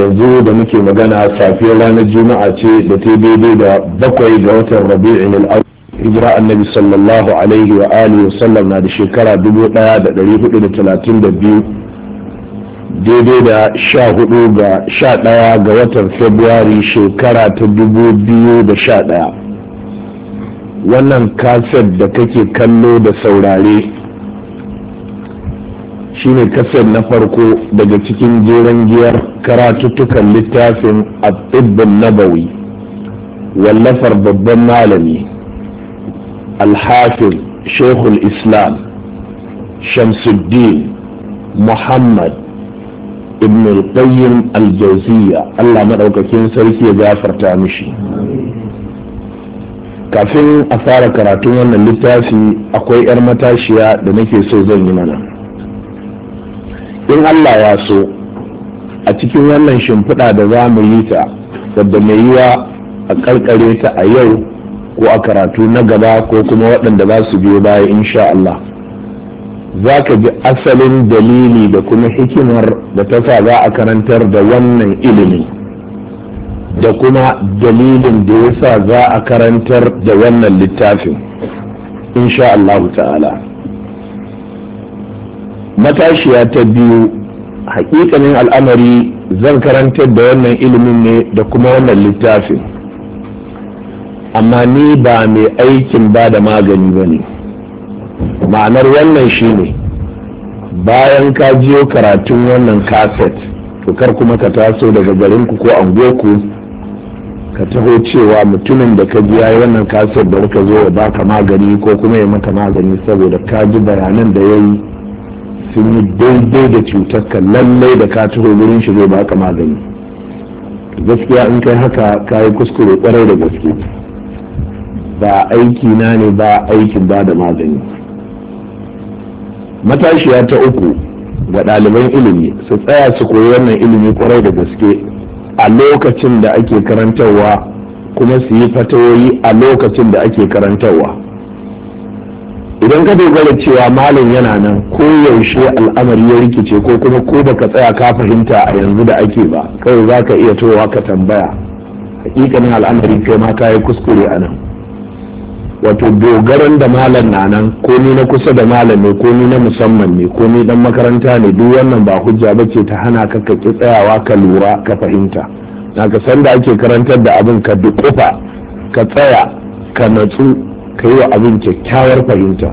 yanzu da muke magana safiyar ranar juma'a ce da ta daidai da bakwai ga watan rabi'in al'adu hijira annabi sallallahu alaihi wa alihi sallam na da shekara 1432 daidai da sha hudu ga sha ɗaya ga watan februari shekara ta dubu biyu da sha ɗaya wannan kaset da kake kallo da saurare shine kasar na farko daga cikin jeren giyar karatuttukan littafin abdullin nabawi wallafar babban malami alhafin shekul islam shamsuddin muhammad ibn al-qayyim al-jawziya allah maɗaukakin sarki ya gafarta mishi kafin a fara karatun wannan littafi akwai 'yar matashiya da nake so zan yi mana in Allah ya so a cikin wannan shimfiɗa da za mu yi ta wadda mai yiwa a ƙarƙare ta a yau ko a karatu na gaba ko kuma waɗanda za su biyo baya insha Allah za ka ji asalin dalili da kuma hikimar da ta sa za a karantar da wannan ilimi da kuma dalilin da ya sa za a karantar da wannan littafin insha Allah ta'ala matashiya ta biyu hakikanin al'amari zan karantar da wannan ilimin ne da kuma wannan littafin amma ni ba mai aikin ba da magani ba ne ma'anar wannan shine bayan ka jiyo karatun wannan kaset to kar kuma ka taso daga garinku ko angoku ka taho cewa mutumin da ka biya wannan kaset da ka zo ya baka magani ko kuma ya maka magani saboda ka ji bayanan da ya yi sun yi daidai da cutarka lallai da ka wurin gurin shi zai baka magani gaskiya in kai haka ka yi kuskure kwarai da gaske ba aiki na ne ba aikin ba da magani matashiya ta uku ga ɗaliban ilimi su tsaya su koyi wannan ilimi kwarai da gaske a lokacin da ake karantarwa kuma su yi fatawoyi a lokacin da ake karantarwa idan ka dogara cewa malam yana nan ko yaushe al'amari ya rikice ko kuma ko baka tsaya ka fahimta a yanzu da ake ba kawai za ka iya towa ka tambaya hakikanin al'amari kai ma ka yi kuskure a nan wato dogaran da malam na nan ko ni na kusa da malam ne ko ni na musamman ne ko ni dan makaranta ne duk wannan ba hujja ba ce ta hana ka ka ki tsayawa ka lura ka fahimta na ka san da ake karantar da abin ka dukufa ka tsaya ka natsu ka yi wa abin kyakkyawar fahimta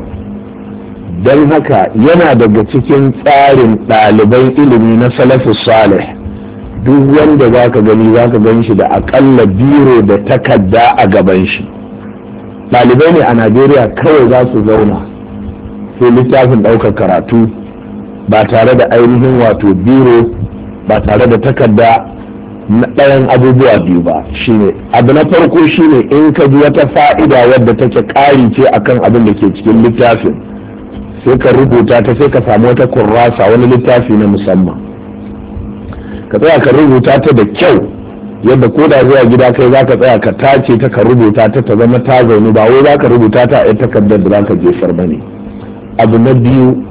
don haka yana daga cikin tsarin ɗaliban ilimi na salafu salih duk wanda za ka gani za ka gan shi da aƙalla biro da takarda a gaban shi ɗalibai ne a najeriya kawai za su zauna sai littafin ɗaukar karatu ba tare da ainihin wato biro ba tare da takarda ɗayan abubuwa biyu ba shine abu na farko shine in ka ji wata fa'ida wadda take ƙari ce akan abin da ke cikin littafin sai ka rubuta ta sai ka samu wata kurrasa wani littafi na musamman ka tsaya ka rubuta ta da kyau yadda ko da zuwa gida kai za ka tsaya ka tace ta ka rubuta ta ta zama ta zaune ba wai za ka rubuta ta a takardar da za ka jefar ba ne abu na biyu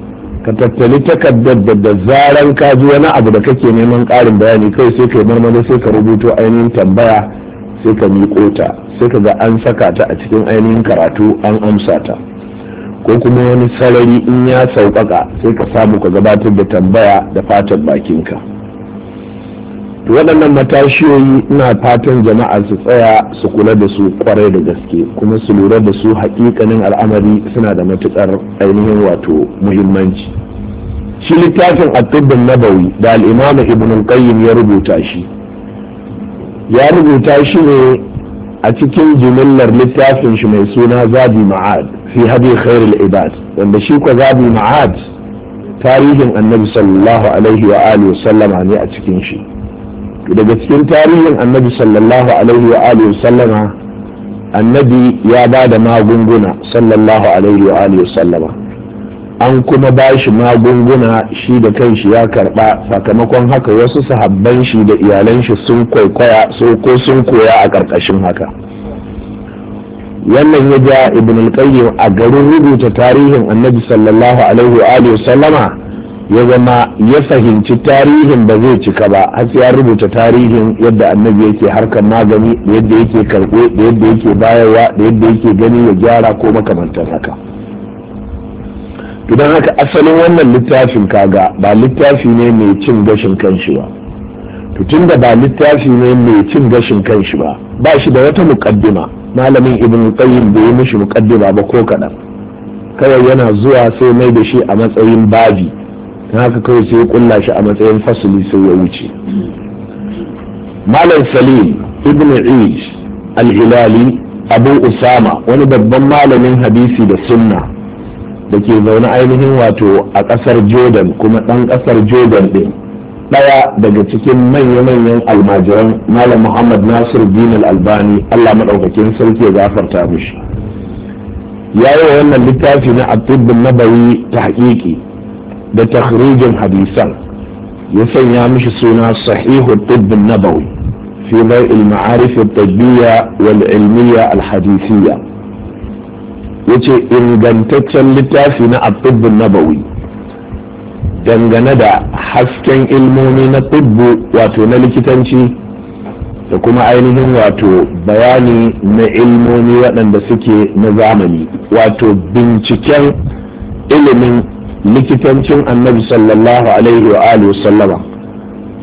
ka tattali takardar da da zaran ka ji wani abu da kake neman ƙarin bayani kai sai ka yi marmari sai ka rubuto ainihin tambaya sai ka miƙo ta sai ka ga an saka ta a cikin ainihin karatu an amsa ta ko kuma wani sarari in ya sauƙaƙa sai ka samu ka gabatar da tambaya da fatan bakinka. waɗannan matashiyoyi ina fatan jama'a su tsaya su kula da su kwarai da gaske kuma su lura da su hakikanin al'amari suna da matukar ainihin wato muhimmanci shi littafin attubin nabawi da al'imamu ibn qayyim ya rubuta shi ya rubuta shi ne a cikin jimillar littafin shi mai suna zabi ma'ad fi hadi khairul ibad wanda shi ko zabi ma'ad tarihin annabi sallallahu alaihi wa alihi sallama ne a cikin shi daga cikin tarihin annabi sallallahu alaihi wa alihi sallama annabi ya ba da magunguna sallallahu alaihi wa alihi sallama an kuma ba shi magunguna shi da kanshi ya karba sakamakon haka wasu sahabban shi da iyalan shi sun kwaikwaya ko sun koya a karkashin haka wannan ya ja ibn al a garin rubuta tarihin annabi sallallahu alaihi wa alihi sallama ya zama ya fahimci tarihin ba zai cika ba har sai ya rubuta tarihin yadda annabi yake harkar magani da yadda yake karɓe da yadda yake bayarwa da yadda yake gani ya gyara ko makamantar haka idan haka asalin wannan littafin kaga ba littafi ne mai cin gashin kanshi ba to tunda ba littafi ne mai cin gashin kanshi ba ba shi da wata muƙaddima malamin ibn qayyim bai yi mishi muƙaddima ba ko kaɗan kawai yana zuwa sai mai da shi a matsayin babi ta haka kawai sai ya kulla shi a matsayin fasuli sai ya wuce malam salim ibn ish al-hilali abu usama wani babban malamin hadisi da sunna da ke zaune ainihin wato a kasar jordan kuma dan kasar jordan din daya daga cikin manya-manyan almajiran malam muhammad nasir din albani allah maɗaukakin sarki ya gafarta mishi ya yi wannan littafi na abdullin nabawi ta haƙiƙi da takhrijin hadisan ya sanya mishi suna sahihu tibbin nabawi fi bai'il ma'arif tabbiyya wal ilmiyya al hadisiyya yace ingantaccen littafi na at-tibbin nabawi dangane da hasken ilmomi na tibbu wato na likitanci da kuma ainihin wato bayani na ilmomi waɗanda suke na zamani wato binciken ilimin likitancin annabi sallallahu alaihi wa alihi sallama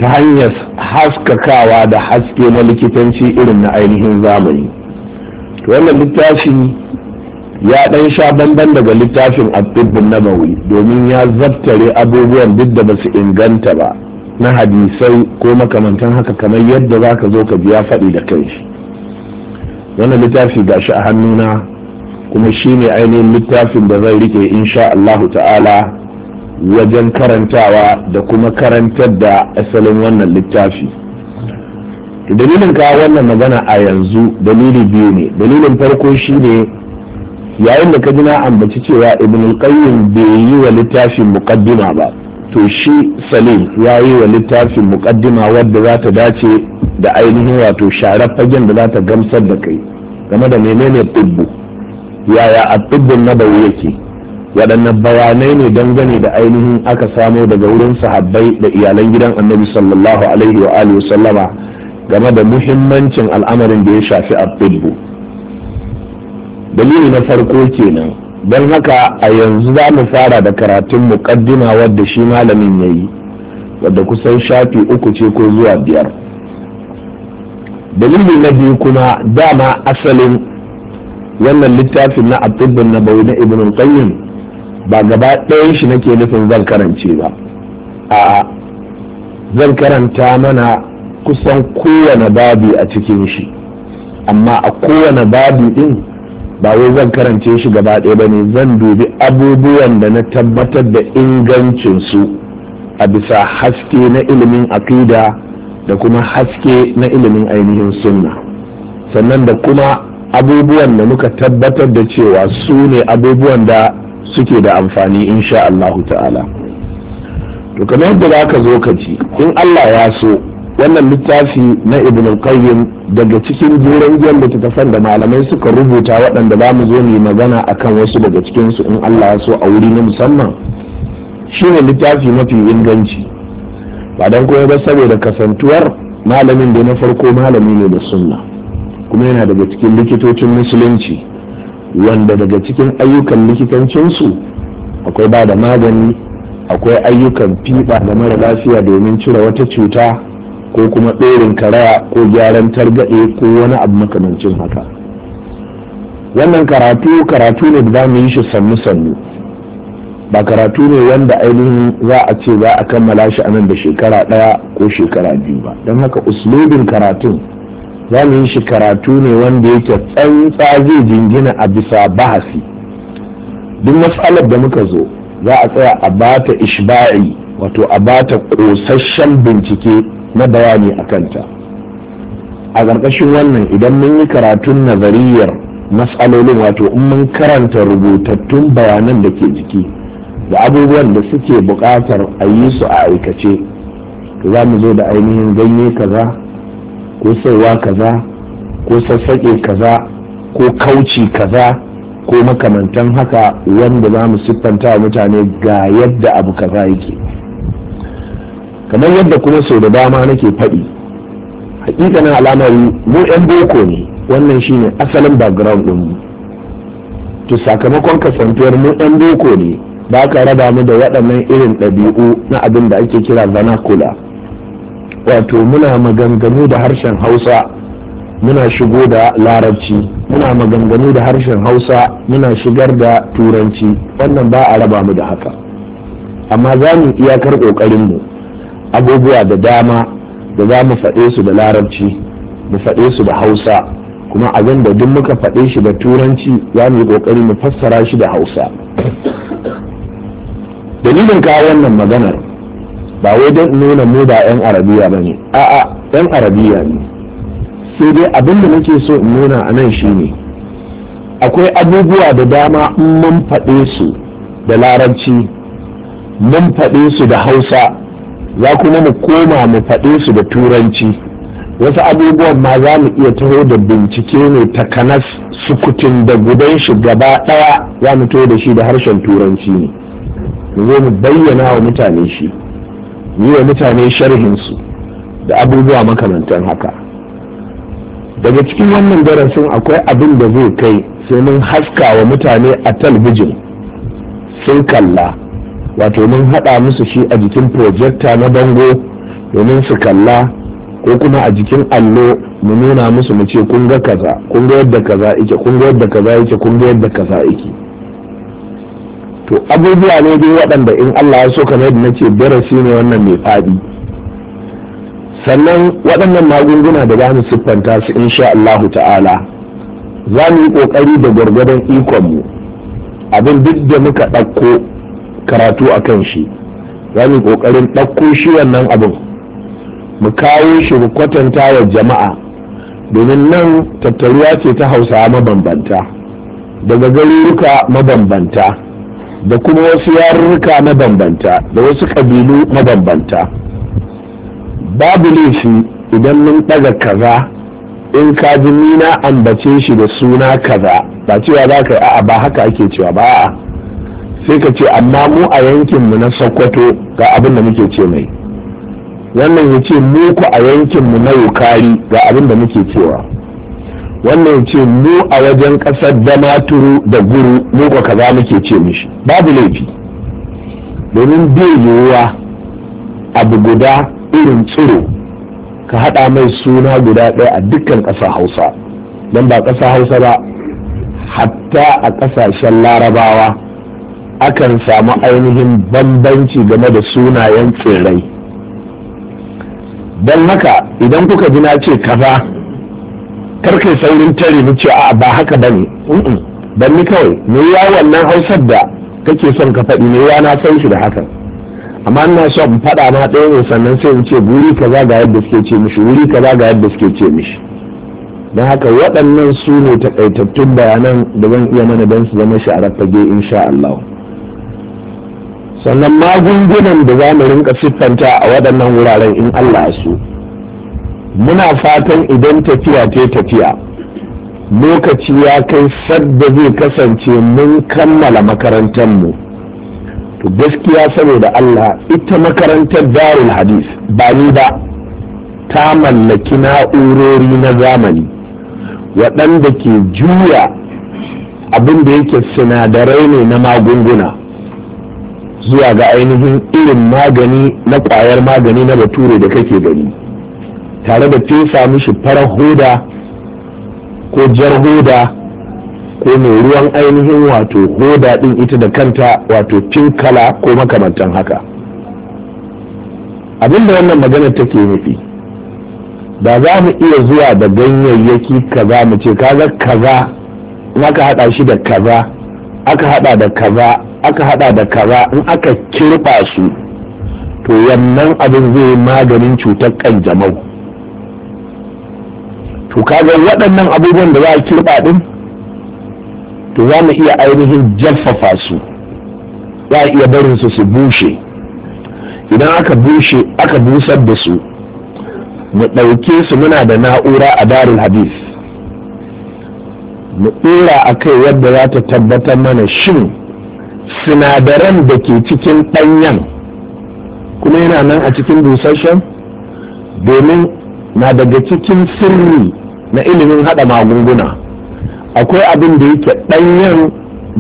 ta hanyar haskakawa da haske na likitanci irin na ainihin zamani wannan littafin ya ɗan sha banban daga littafin abdubbin nabawi domin ya zabtare abubuwan duk da ba su inganta ba na hadisai ko makamantan haka kamar yadda za ka zo ka biya faɗi da kai wannan littafi ga shi a hannuna kuma shi ne ainihin littafin da zai rike insha Allahu ta'ala wajen karantawa da kuma karantar da asalin wannan littafi dalilin ka wannan magana a yanzu dalili biyu ne dalilin farko shi ne yayin da ka ji na ambaci cewa ibn al bai yi wa littafin muqaddima ba to shi salim ya yi wa littafin muqaddima wadda za ta dace da ainihin wato sharar fagen da za ta gamsar da kai game da menene tibbu yaya na nabawi yake waɗannan bayanai ne dangane da ainihin aka samo daga wurin sahabbai da iyalan gidan annabi sallallahu alaihi wa alihi sallama game da muhimmancin al'amarin da ya shafi atubbu dalili na farko kenan don haka a yanzu za mu fara da karatun muƙaddima wadda shi malamin ya yi wadda kusan shafi uku ce ko zuwa biyar dalili na biyu kuma dama asalin wannan littafin na na bai na ibn qayyim ba gaba ɗayan shi nake nufin zan karance ba a zan karanta mana kusan kowane babi a cikin shi amma a kowane babi ɗin ba wai zan karance shi gaba ɗaya ba ne zan dubi abubuwan da na tabbatar da ingancinsu a bisa haske na ilimin akida da kuma haske na ilimin ainihin sunna sannan da kuma abubuwan da muka tabbatar da cewa su ne abubuwan da suke da amfani insha Allah ta'ala to kamar yadda za ka zo ka ci in Allah ya so wannan littafi na ibn qayyim daga cikin jiran guren da ta da malamai suka rubuta waɗanda ba mu zo mu magana akan wasu daga cikinsu in Allah ya so a wuri na musamman shine littafi mafi inganci ba dan koyar ba saboda kasantuwar malamin da na farko malami ne da sunna kuma yana daga cikin likitocin musulunci wanda daga cikin ayyukan likitancinsu akwai ba da magani akwai ayyukan fiɓa da mara lafiya domin cire wata cuta ko kuma ɗorin karaya ko gyaran targaɗe ko wani abu makamancin haka wannan karatu karatu ne da za mu yi shi sannu-sannu ba karatu ne wanda ainihin za a ce za a kammala shi a nan da shekara ɗaya ko shekara biyu ba don haka uslubin karatun za mu yi shi karatu ne wanda yake tsantsa zai jingina a bisa bahasi duk matsalar da muka zo za a tsaya a ba ta ishba'i wato a ba ta kosasshen bincike na bayani a kanta a ƙarƙashin wannan idan mun yi karatun nazariyar matsalolin wato in mun karanta rubutattun bayanan da ke jiki da abubuwan da suke buƙatar a yi su a aikace za mu zo da ainihin ganye kaza ko saiwa kaza ko sassaƙe kaza ko kauci kaza ko makamantan haka wanda za mu siffanta wa mutane ga yadda abu kaza yake kamar yadda kuma sau da dama nake faɗi hakikanin al'amari mu 'yan boko ne wannan shine asalin background ɗinmu to sakamakon kasantuwar mu 'yan boko ne ba ka raba mu da waɗannan irin ɗabi'u na abin da ake kira zanakula wato muna maganganu da harshen hausa muna shigo da larabci muna maganganu da harshen hausa muna shigar da turanci wannan ba a raba mu da haka amma za mu iyakar ƙoƙarinmu abubuwa da dama da za mu faɗe su da larabci mu faɗe su da hausa kuma abin da duk muka faɗe shi da turanci za mu yi ƙoƙari mu fassara shi da hausa dalilin kawo wannan maganar ba wai don nuna mu da yan arabiya ba ne a'a yan arabiya ne sai dai abin da nake so in nuna a nan shine akwai abubuwa da dama in mun faɗe su da larabci mun faɗe su da hausa za kuma mu koma mu faɗe su da turanci wasu abubuwan ma za mu iya taho da bincike ne takanas sukutun da gudan shi gaba ɗaya za mu taho da shi da harshen turanci ne mu zo mu bayyana wa mutane shi yi wa mutane sharhinsu da abubuwa makamantan haka daga cikin wannan darasin akwai abin da zai kai sai mun haska wa mutane a talbijin sun kalla wato mun haɗa musu shi a jikin projecta na bango domin su kalla ko kuma a jikin allo mu nuna musu mu ce kun kaza kun yadda kaza yake kun yadda kaza yake kun yadda kaza yake to abubuwa ne dai waɗanda in Allah ya so kamar yadda nace darasi ne wannan mai faɗi sannan waɗannan magunguna da za mu siffanta su insha Allahu ta'ala za mu yi ƙoƙari da gwargwadon mu abin duk da muka ɗauko karatu akan shi za mu yi ƙoƙarin ɗauko shi wannan abin mu kawo shi mu kwatanta wa jama'a domin nan tattaruwa ce ta hausawa mabambanta daga garuruka mabambanta da kuma wasu yarurruka na bambanta da wasu ƙabilu bambanta babu laifi idan mun ɗaga kaza in ka ji nina ambace shi da suna kaza ba cewa za ka yi a'a ba haka ake cewa ba a'a sai ka ce amma mu a yankinmu na sokoto ga abin da muke ce mai wannan ya ce mu a yankinmu na yukari ga abin da muke cewa wannan ce mu a wajen ƙasar damaturu da guru mu ba kaza muke ce mishi babu laifi domin bai yiwuwa abu guda irin tsiro ka haɗa mai suna guda ɗaya a dukkan ƙasa hausa don ba ƙasa hausa ba hatta a ƙasashen larabawa akan samu ainihin bambanci game da sunayen tsirrai don haka idan kuka ji na ce kaza yi saurin tare da ce a ba haka ba ne ban ni kawai me ya wannan hausar da kake son ka faɗi me ya na san shi da haka amma ina son in faɗa ma ɗaya ne sannan sai in ce ka kaza ga yadda suke ce mishi ka kaza ga yadda suke ce mishi don haka waɗannan su ne takaitattun bayanan da zan iya mana don su zama sha'arar fage insha Allah sannan magungunan da za mu rinka siffanta a waɗannan wuraren in Allah su muna fatan idan tafiya ta tafiya lokaci ya kai sadda zai kasance mun kammala makarantarmu, to gaskiya saboda Allah ita makarantar darul hadis ba ni ba ta mallaki na'urori na zamani waɗanda ke juya abinda da yake sinadarai ne na magunguna zuwa ga ainihin irin magani na ƙwayar magani na bature da kake gani tare da fesa mishi farar hoda ko jar hoda ko mai ruwan ainihin wato hoda din ita da kanta wato kala ko makamantan haka abinda wannan magana take nufi Ba za mu iya zuwa da ganyayyaki kaza mu ce kaga kaza in aka haɗa shi da kaza aka haɗa da kaza aka hada da kaza in aka kirɓa su to wannan abin zai maganin cutar ƙanjamau. to kaga waɗannan abubuwan da za a kirɓa ɗin to za mu iya ainihin jaffafa su za a iya barin su su bushe idan aka bushe aka busar da su mu ɗauke su muna da na'ura a darul hadith mu ɗora a kai yadda za ta tabbatar mana shin sinadaran da ke cikin ɗanyen kuma yana nan a cikin busasshen domin na daga cikin sirri na ilimin hada magunguna akwai abin da yake ɗanyen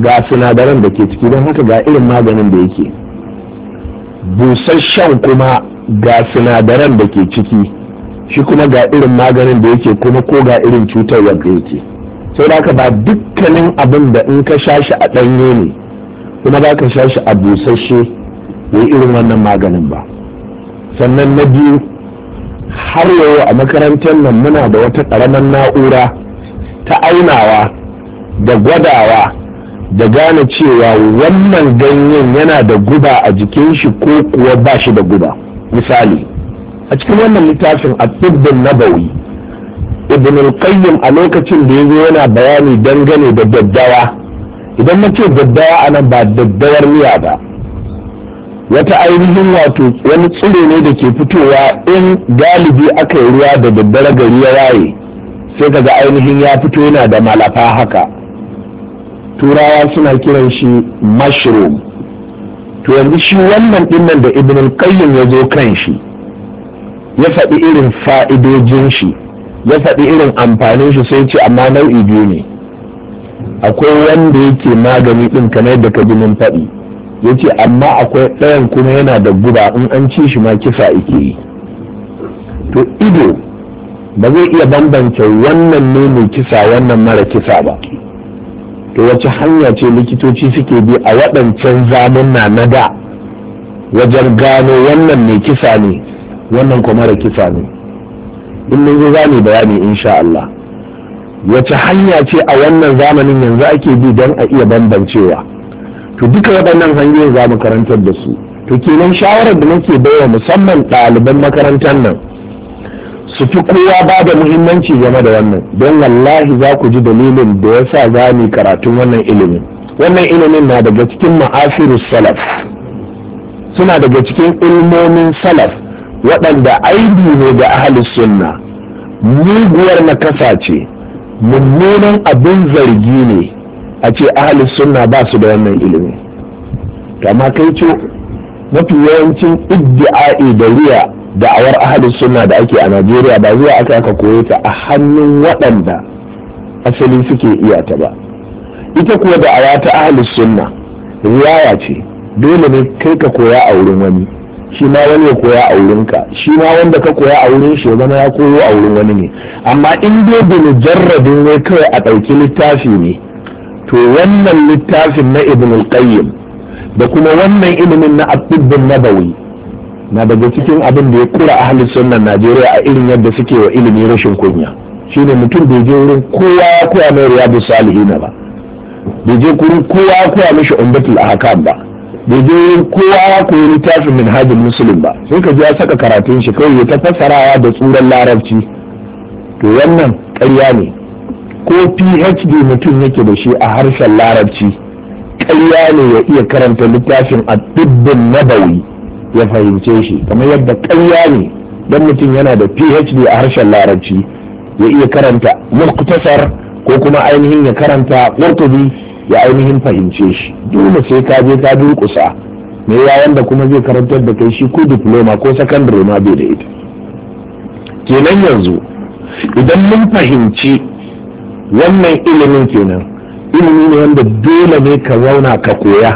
ga sinadaran da ke ciki don haka ga irin maganin da yake busasshen kuma ga sinadaran da ke ciki shi kuma ga irin maganin da yake kuma ko ga irin cutar da yake sai da haka ba dukkanin abin da in ka sha shi a ɗanye ne kuma ba ka sha shi a busasshe ya irin wannan maganin ba sannan na biyu har yau a makarantar nan muna da wata ƙaramin na'ura ta ainawa da gwadawa da gane cewa wannan ganyen yana da guba a jikin shi ko kuwa ba shi da guba misali a cikin wannan littafin a tsibbin nabawi ibn a lokacin da ya zo yana bayani dangane da daddawa idan mace daddawa daddawa nan ba daddawar miya ba wata ainihin wato wani tsiro ne da ke fitowa in galibi aka yi ruwa da daddare gari ya waye sai kaga ainihin ya fito yana da malafa haka turawa suna kiran shi mushroom to yanzu shi wannan dinnan da ibn al-qayyim ya zo kan shi ya faɗi irin fa'idojin shi ya faɗi irin amfanin shi sai ce amma nau'i biyu ne akwai wanda yake magani ɗin kamar da ka ji mun faɗi ya ce amma akwai ɗayan kuma yana da guba in an ci shi ma kisa ike yi to ido ba zai iya bambance wannan ne mai kisa wannan mara kisa ba to wace hanya ce likitoci suke bi a waɗancan zamunna na da wajen gano wannan mai kisa ne wannan kuma mara kisa ne in mun zo za bayani insha Allah wace hanya ce a wannan zamanin yanzu ake bi don a iya bambancewa to duka waɗannan hanyoyin za mu karantar da su to kenan shawarar da nake baiwa musamman ɗaliban makarantar nan su fi kowa ba da muhimmanci game da wannan don wallahi za ku ji dalilin da ya sa za mu karatun wannan ilimin wannan ilimin na daga cikin ma'asiru salaf suna daga cikin ilmomin salaf waɗanda aibi ne ga ahalus sunna muguwar kasa ce mummunan abin zargi ne a ce ahalus sunna ba su da wannan ilimi kama kai ce mafi yawancin iddi'a'i da riya awar ahalus sunna da ake a najeriya ba zuwa aka aka koye ta a hannun waɗanda asali suke iya ta ba ita kuwa da'awa ta ahalus sunna riyaya ce dole ne kai ka koya a wurin wani shi ma wani ya koya a wurin ka shi ma wanda ka koya a wurin shi zama ya koyo a wurin wani ne amma in dai da mujarradin ne kawai a ɗauki littafi ne to wannan littafin na ibn al-qayyim da kuma wannan ilimin na abdul nabawi na daga cikin abin da ya kura ahli sunnah najeriya a irin yadda suke wa ilimi rashin kunya shine mutum bai je wurin kowa kowa mai riyadu salihin ba bai je wurin kowa kowa mishi umbatul ahkam ba bai je wurin kowa ya littafin minhajul muslim ba sai ka je ya saka karatun shi kawai ya tafasa da tsuran larabci to wannan ƙarya ne ko phd mutum yake da shi a harshen larabci ƙarya ne ya iya karanta littafin a dubbin nabawi ya fahimce shi kamar yadda ƙarya ne don mutum yana da phd a harshen larabci ya iya karanta muktasar ko kuma ainihin ya karanta murtabi ya ainihin fahimce shi dole sai ka je ka durƙusa me yayan da kuma zai karantar da kai shi ko diploma ko sakandare ma bai da ita kenan yanzu idan mun fahimci wannan ilimin kenan ilimi ne wanda dole ne ka zauna ka koya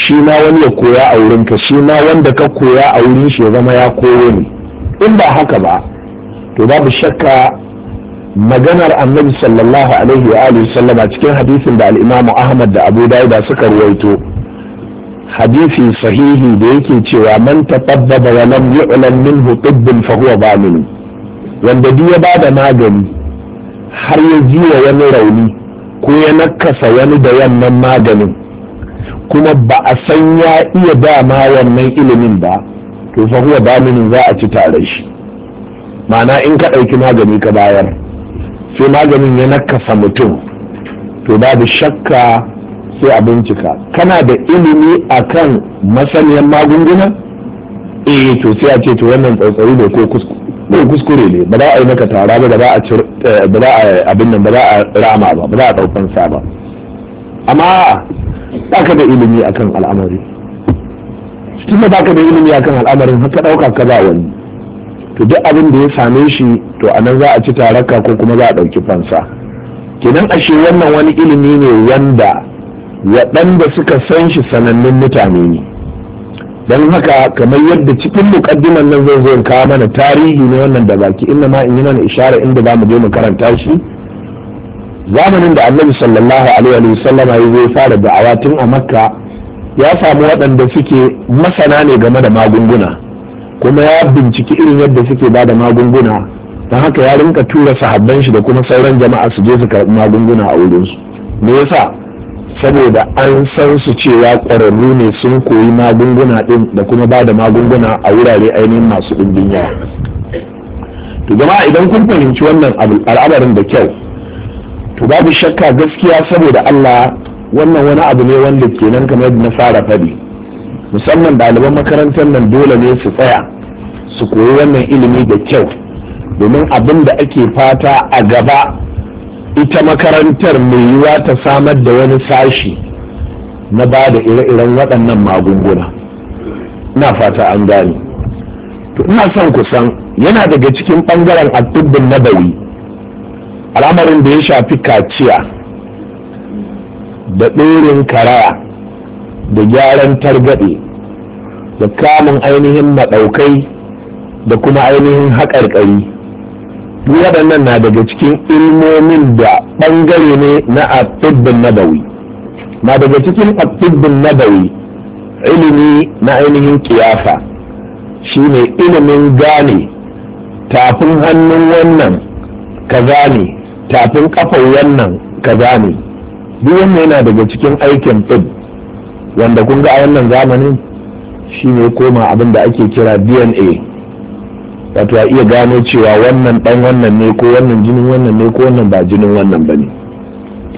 shi ma wani ya koya a wurinka shi ma wanda ka koya a wurin shi ya zama ya koyo ne in ba haka ba to babu shakka maganar annabi sallallahu alaihi wa alihi sallama cikin hadisin da al imam ahmad da abu dauda suka ruwaito hadisi sahihi da yake cewa man tafaddaba wa lam yu'lam minhu tibbun fa huwa wanda duk ya bada magani har ya wa wani rauni ko ya nakasa wani da wannan maganin kuma ba a san ya iya dama wannan ilimin ba to fa huwa daminin za a ci tare shi ma'ana in ka ɗauki magani ka bayar sai maganin ya nakasa mutum to babu shakka sai a bincika kana da ilimi a kan masaniyan magunguna eh to sai a ce to wannan tsautsari ne ko ne kuskure ne ba za a yi maka tara ba ba za a eh, abin nan ba za a rama ba ba za a ɗaukan sa ba amma ba ka da ilimi akan al'amari tun da ba ka da ilimi akan al'amarin haka ɗauka ka ba wani to duk abin da ya same shi to a nan za a ci taraka ko kuma za a ɗauki fansa kenan ashe wannan wani ilimi ne wanda waɗanda suka san shi sanannun mutane ne don haka kamar yadda cikin mukaddiman nan zai zo kawo mana tarihi ne wannan da baki inna ma in yi mana ishara inda za mu je mu karanta shi zamanin da annabi sallallahu alaihi wa sallama ya zo fara da'awa tun a makka ya samu waɗanda suke masana ne game da magunguna kuma ya binciki irin yadda suke ba da magunguna don haka ya rinka tura sahabban shi da kuma sauran jama'a su je su karɓi magunguna a wurinsu me yasa saboda an san su cewa ƙwararru ne sun koyi magunguna ɗin da kuma ba da magunguna a wurare ainihin masu ɗin yawa to jama'a idan kun fahimci wannan al'amarin da kyau to babu shakka gaskiya saboda Allah wannan wani abu ne wanda kenan kamar yadda na fara faɗi musamman ɗaliban makarantar nan dole ne su tsaya su koyi wannan ilimi da kyau domin abin da ake fata a gaba ita makarantar mai yiwa ta samar da wani sashi na ba da ire-iren waɗannan magunguna ina fata an gani, to ina son kusan yana daga cikin ɓangaren na nabawi al'amarin da ya shafi kaciya da ɗorin karaya da gyaran targaɗe da kamun ainihin maɗaukai da kuma ainihin haƙarƙari waɗannan na daga cikin ilmomin da ɓangare ne na atibbin nadawi na daga cikin atibbin nadawi ilimi na ainihin kiyafa shi ne ilimin gane tafin hannun wannan kaza ne tafin kafar wannan kaza ne duk wannan yana daga cikin aikin ɗin wanda kun ga a wannan zamanin ne koma abin da ake kira dna wato a iya gano cewa wannan dan wannan ne ko wannan jinin wannan ne ko wannan ba jinin wannan ba ne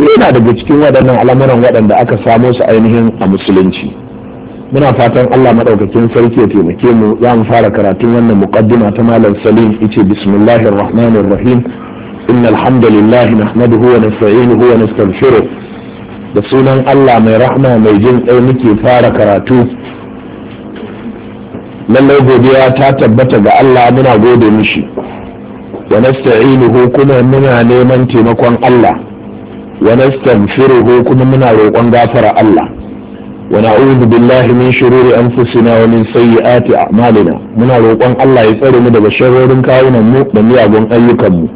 yana daga cikin waɗannan al'amuran waɗanda aka samo su ainihin a musulunci muna fatan Allah maɗaukakin sarki ya taimake mu za mu fara karatun wannan muqaddima ta malam salim yace bismillahir rahmanir rahim innal alhamdulillahi nahmaduhu wa nasta'inuhu wa nastaghfiruh da sunan Allah mai rahma mai jin ɗaya muke fara karatu lallai godiya ta tabbata ga Allah muna gode mishi wa nasta'inuhu kuma muna neman taimakon Allah wa nastaghfiruhu kuma muna roƙon gafara Allah wa na'udhu billahi min shururi anfusina wa min sayyiati a'malina muna roƙon Allah ya tsare mu daga sharrorin kawunan mu da miyagun ayyukan mu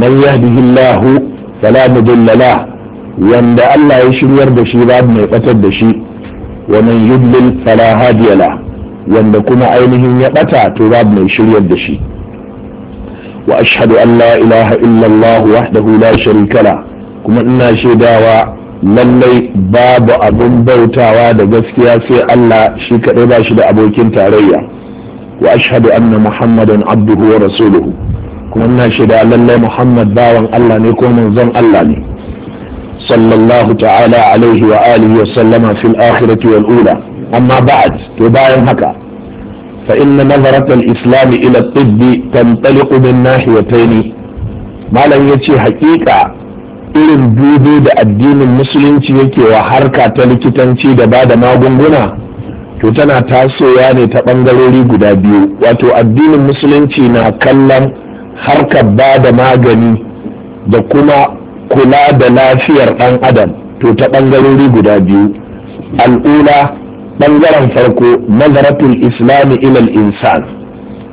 man yahdihillahu fala mudilla wanda Allah ya shiryar da shi babu mai batar da shi wa man yudlil fala hadiya wanda kuma ainihin ya ɓata to babu mai shiryar da shi wa ashhadu an la ilaha illallah wahdahu la sharika kuma ina shaidawa lallai babu abin bautawa da gaskiya sai Allah shi kadai ba shi da abokin tarayya wa ashhadu anna muhammadan abduhu wa rasuluhu kuma ina shaidawa lallai muhammad bawan Allah ne ko manzon Allah ne sallallahu ta'ala alaihi wa alihi wa sallama fil akhirati wal ula amma ba'ad to bayan haka fa inna nazaratul islam ila tibbi tantaliqu min nahiyatayn malam yace hakika irin dubi da addinin musulunci yake wa harka ta likitanci da ba da magunguna to tana tasowa ne ta bangarori guda biyu wato addinin musulunci na kallon harkar ba da magani da kuma kula da lafiyar ɗan adam to ta ɓangarori guda biyu al'ula ɓangaren farko nazaratul islami ilal insan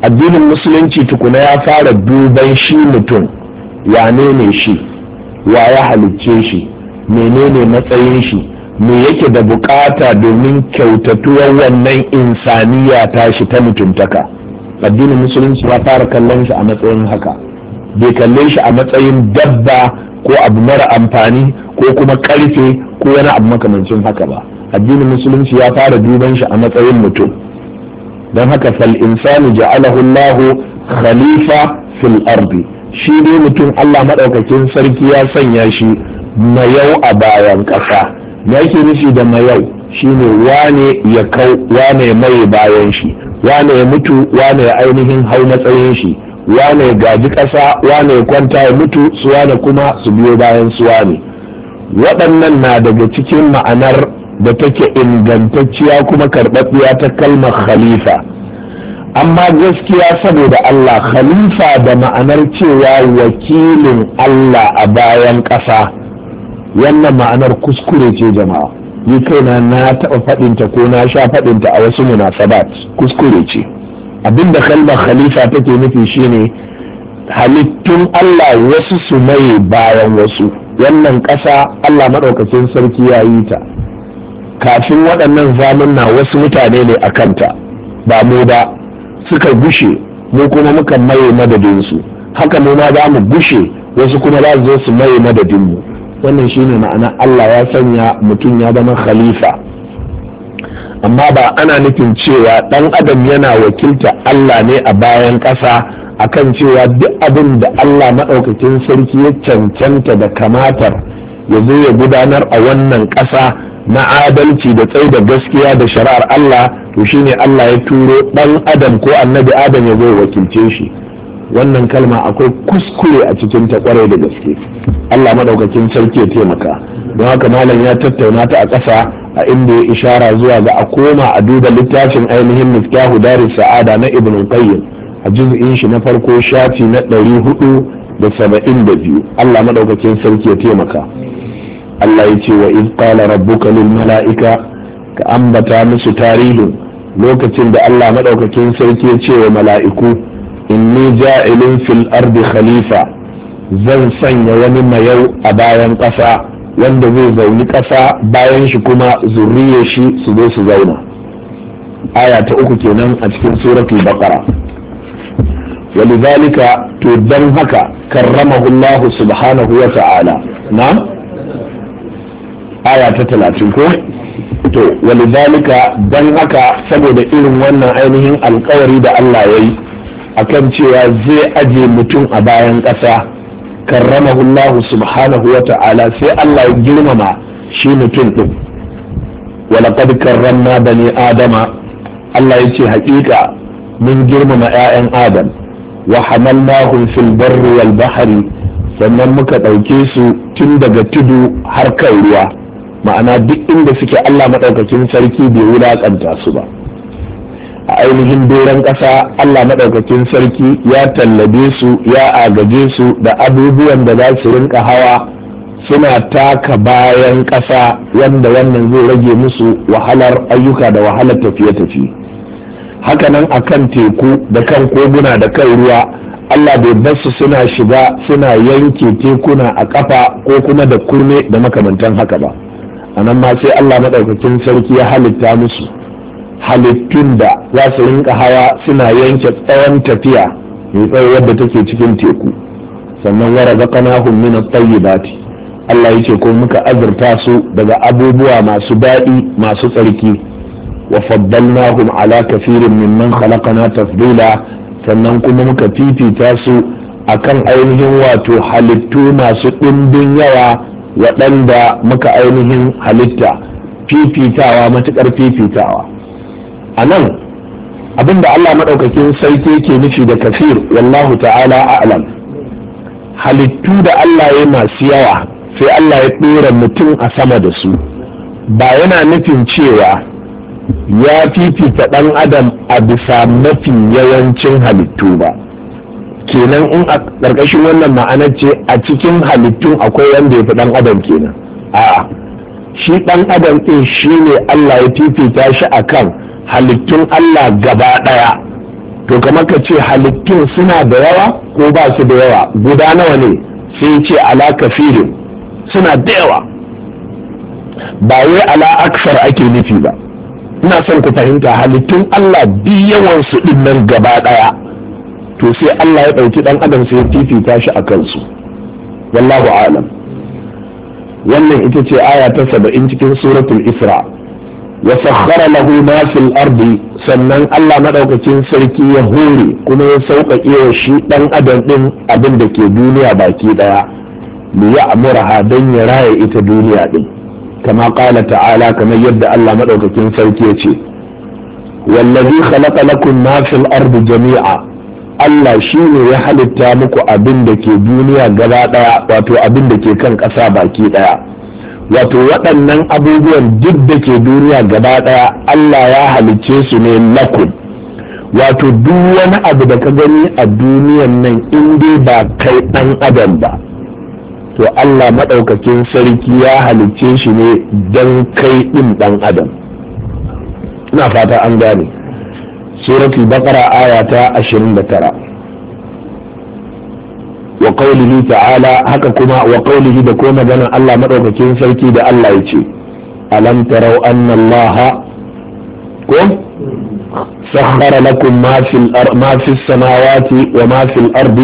addinin musulunci tukuna ya fara duban shi mutum wane ne shi wa ya halicce shi menene matsayin shi me yake da bukata domin kyautatuwar wannan insaniya shi ta mutuntaka addinin musulunci ya fara kallon shi a matsayin haka bai kalle shi a matsayin dabba ko abu mara amfani ko kuma karfe ko wani abu makamancin haka ba addinin musulunci ya fara duban shi a matsayin mutum don haka fal insanu ja'alahu Allahu khalifa fil ardi shi ne mutum Allah madaukakin sarki ya sanya shi mayau a bayan ƙasa me yake nufi da mayau shine wane ya kau wane mai bayan shi wane ya mutu wane ya ainihin hau matsayin shi wane ya gaji ƙasa wane ya kwanta ya mutu su wane kuma su biyo bayan su wane waɗannan na daga cikin ma'anar da take ingantacciya kuma karɓaɓɓiya ta kalmar khalifa amma gaskiya saboda Allah khalifa da ma'anar cewa wakilin Allah a bayan ƙasa wannan ma'anar kuskure ce jama'a ni kaina na taɓa faɗinta ko na sha faɗinta a wasu munasabat kuskure ce abinda kalmar khalifa take nufi shine halittun Allah wasu su maye bayan wasu wannan ƙasa Allah maɗaukacin sarki ya yi ta kafin waɗannan zamun na wasu mutane ne a kanta ba mu ba suka gushe mu kuma muka maye madadinsu haka mu ma za mu gushe wasu kuma za su zo su maye madadinmu wannan shine ma'ana Allah ya sanya mutum ya zama khalifa amma ba ana nufin cewa ɗan adam yana wakilta Allah ne a bayan ƙasa akan cewa duk abin da Allah maɗaukakin sarki ya cancanta da kamatar ya zo ya gudanar a wannan ƙasa na adalci da tsaye da gaskiya da shari'ar Allah to shine Allah ya turo ɗan adam ko annabi adam ya zo wakilce shi wannan kalma akwai kuskure a cikin ta kwarai da gaske Allah madaukakin sarki ya taimaka don haka malam ya tattauna ta a ƙasa a inda ya ishara zuwa ga a koma a duba littafin ainihin miftahu darin sa'ada na ibn qayyim a juz'in shi na farko shafi na ɗari huɗu da saba'in da biyu Allah madaukakin sarki ya taimaka Allah ya ce wa in qala rabbuka lil mala'ika ka ambata musu tarihin lokacin da Allah maɗaukacin sarki ya ce wa mala'iku inni ja'ilun fil ardi khalifa zan sanya wani mayau a bayan ƙasa wanda zai zauni ƙasa bayan shi kuma zurriye shi su zo su zauna aya ta uku kenan a cikin suratul baqara zalika to don haka karramahu Allah subhanahu wa ta'ala na aya ta talatin ko to walidalika don haka saboda irin wannan ainihin alkawari da Allah ya yi akan cewa zai aje mutum a bayan ƙasa karramahu Allah subhanahu wa ta'ala sai Allah ya girmama shi mutum ɗin walaqad karramna bani adama Allah ya ce hakika mun girmama 'ya'yan adam wa hamalnahum fil barri wal bahri sannan muka ɗauke su tun daga tudu har kan ruwa ma'ana duk inda suke Allah maɗaukakin sarki bai wulaƙanta su ba a ainihin doron ƙasa Allah maɗaukakin sarki ya tallabe su ya agaje su da abubuwan da za su rinka hawa suna taka bayan ƙasa wanda wannan zai rage musu wahalar ayyuka da wahalar tafiye-tafiye hakanan a kan teku da kan koguna da kan ruwa Allah bai basu suna shiga suna yanke tekuna a ƙafa ko kuma da kurme da makamantan haka ba. anan ma sai Allah madaukakin sarki ya halitta musu halittun da za su rinka hawa suna yanke tsawon tafiya mai tsawo yadda take cikin teku sannan wa razaqnahum min at-tayyibati Allah yace ko muka azurta su daga abubuwa masu daɗi masu tsarki wa faddalnahum ala kafirin mimman khalaqna tafdila sannan kuma muka fifita su akan ainihin wato halittu masu ɗimbin yawa waɗanda muka ainihin halitta fifitawa matuƙar fifitawa a nan abin Allah maɗaukakin sarki ke nufi da kafir wallahu ta'ala a'lam halittu da Allah ya masu yawa sai Allah ya ɗora mutum a sama da su ba yana nufin cewa ya fifita ɗan adam a bisa mafi yawancin halittu ba kenan in a ƙarƙashin wannan ma'anar ce a cikin halittun akwai wanda ya fi ɗan adam kenan a'a shi ɗan adam ɗin shi ne Allah ya fifita shi a kan halittun Allah gaba ɗaya to kamar ka ce halittun suna da yawa ko ba su da yawa guda nawa ne sai ce ala filin. suna da yawa ba wai ala aksar ake nufi ba ina son ku fahimta halittun Allah biyawansu ɗin nan gaba ɗaya to sai Allah ya ɗauki ɗan adam sai ya fifita shi a kansu wallahu alam wannan ita ce aya ta saba'in cikin suratul isra wa sakhara lahu ma fil ardi sannan Allah madaukakin sarki ya hore kuma ya sauƙaƙe wa shi ɗan adam ɗin abin da ke duniya baki ɗaya a muraha dan ya raya ita duniya ɗin kama ƙala ta'ala kamar yadda Allah madaukakin sarki ya ce والذي خلق لكم ما في ardi jami'a? Allah shi ne ya halitta muku abin da ke duniya gaba ɗaya wato abin da ke kan ƙasa baki ɗaya wato waɗannan abubuwan duk da ke duniya gaba ɗaya Allah ya halicce su ne lakum wato duk wani abu da ka gani a duniyan nan in dai ba kai ɗan adam ba to Allah maɗaukakin sarki ya halicce shi ne don kai ɗin ɗan adam ina fata an gane suratul baqara aya ta 29 wa qawlihi ta'ala haka kuma wa qawlihi da ko maganar Allah madaukakin sarki da Allah ya ce. Alamtarau, anna ko سخر لكم ما في الأرض ما في السماوات وما في الأرض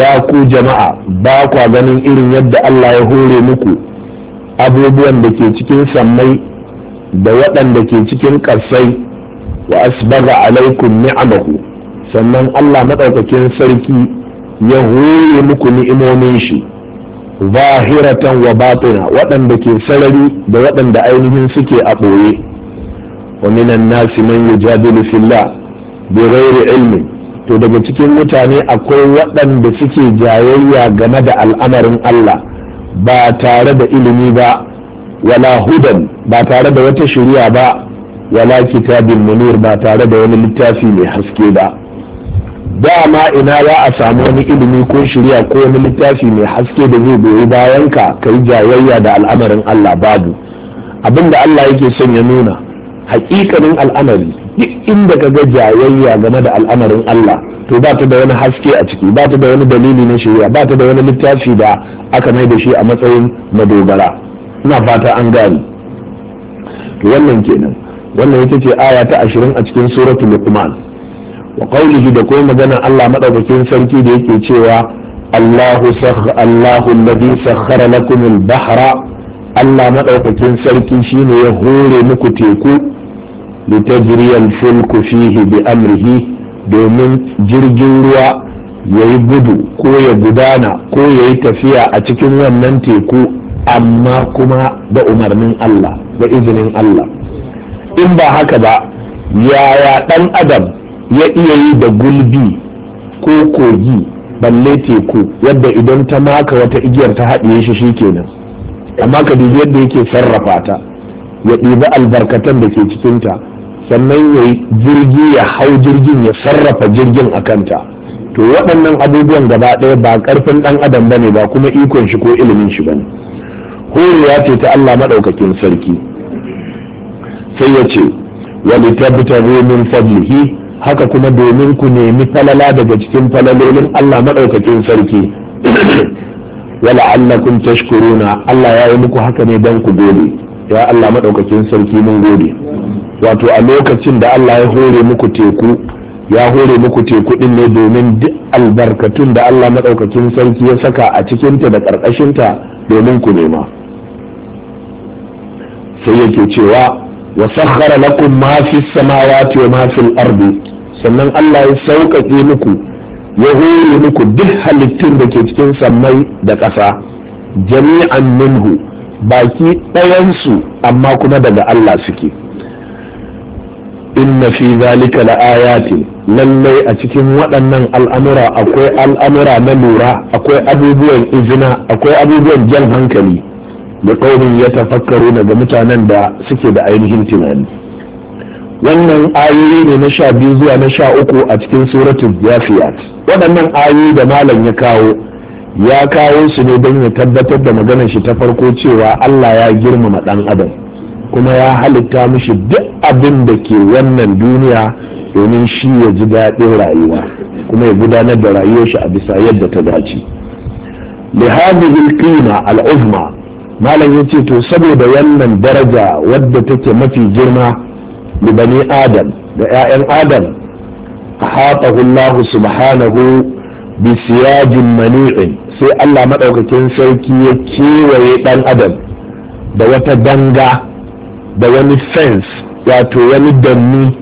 يا كو جماعة باكو غنين إرن يد الله يهوري مكو أبو بوان da waɗanda ke cikin ƙasai wa asbaga alaikum ni'amahu sannan Allah madaukakin sarki ya hore muku ni'imomin shi zahiratan wa batina waɗanda ke sarari da waɗanda ainihin suke a ɓoye wa minan nasi man yujadilu fillah bi ghairi ilmin to daga cikin mutane akwai waɗanda suke jayayya game da al'amarin Allah ba tare da ilimi ba wala hudan ba tare da wata shari'a ba wala kitabin munir ba tare da wani littafi mai haske ba dama ina za a samu wani ilimi ko shirya ko wani littafi mai haske da zai goyi bayan ka yi jayayya da al'amarin Allah babu abin da Allah yake son ya nuna hakikanin al'amari duk inda ka ga jayayya game da al'amarin Allah to ba ta da wani haske a ciki ba ta da wani dalili na shirya ba ta da wani littafi da aka mai da shi a matsayin madogara ina fata an gani to wannan kenan wannan ita ce aya ta ashirin a cikin suratul luqman wa qawlihi da kuma magana Allah madaukakin sarki da yake cewa Allahu sakh Allahu alladhi sakhkhara lakum al-bahra Allah madaukakin sarki shine ya hore muku teku litajriya al-fulku fihi bi amrihi domin jirgin ruwa ya yi gudu ko ya gudana ko ya yi tafiya a cikin wannan teku amma kuma da umarnin Allah da izinin Allah in ba haka ba yaya ɗan adam ya iya yi da gulbi ko kogi balle teku yadda idan ta maka wata igiyar ta haɗiye shi shi kenan amma ka dubi yadda yake sarrafa ta ya ɗibi albarkatan da ke cikinta sannan ya yi jirgi ya hau jirgin ya sarrafa jirgin a kanta to waɗannan abubuwan gaba ɗaya ba ƙarfin ɗan adam ba ne ba kuma ikon shi ko ilimin shi ba ne ya ce ta allah maɗaukakin sarki sai ya ce wani tabbata min fadlihi haka kuma domin ku nemi falala daga cikin falalolin Allah maɗaukakin sarki wala'allakum tashkuruna Allah ya yi muku haka ne don ku gode ya Allah maɗaukakin sarki mun gode wato a lokacin da Allah ya hore muku teku ya hore muku teku din ne domin duk albarkatun da Allah maɗaukakin sarki ya saka a cikinta da ƙarƙashinta domin ku nema sai yake cewa wa sakhara lakum ma fi samawati wa ma sannan Allah ya sauƙaƙe muku ya hore muku duk halittun da ke cikin sammai da ƙasa jami'an minhu baki ɗayansu amma kuma daga Allah suke inna fi zalika la ayatin lallai a cikin waɗannan al'amura akwai al'amura na lura akwai abubuwan izina akwai abubuwan jan hankali da ƙaunin ya tafakkaru daga mutanen da suke da ainihin tunani wannan ayoyi ne na sha biyu zuwa na sha uku a cikin suratun yafiyat waɗannan ayoyi da malam ya kawo ya kawo su ne don ya tabbatar da maganar shi ta farko cewa allah ya girmama ɗan adam kuma ya halitta mishi duk abin da ke wannan duniya domin shi ya ji daɗin rayuwa kuma ya gudanar da rayuwar shi a bisa yadda ta dace لهذه القيمة العظمى malam ya ce to saboda wannan daraja wadda take mafi girma da bani adam da 'ya'yan adam a haɗa subhanahu bi siyajin mani'in sai Allah maɗaukakin sarki ya kewaye ɗan adam da wata danga da wani fence wato wani danni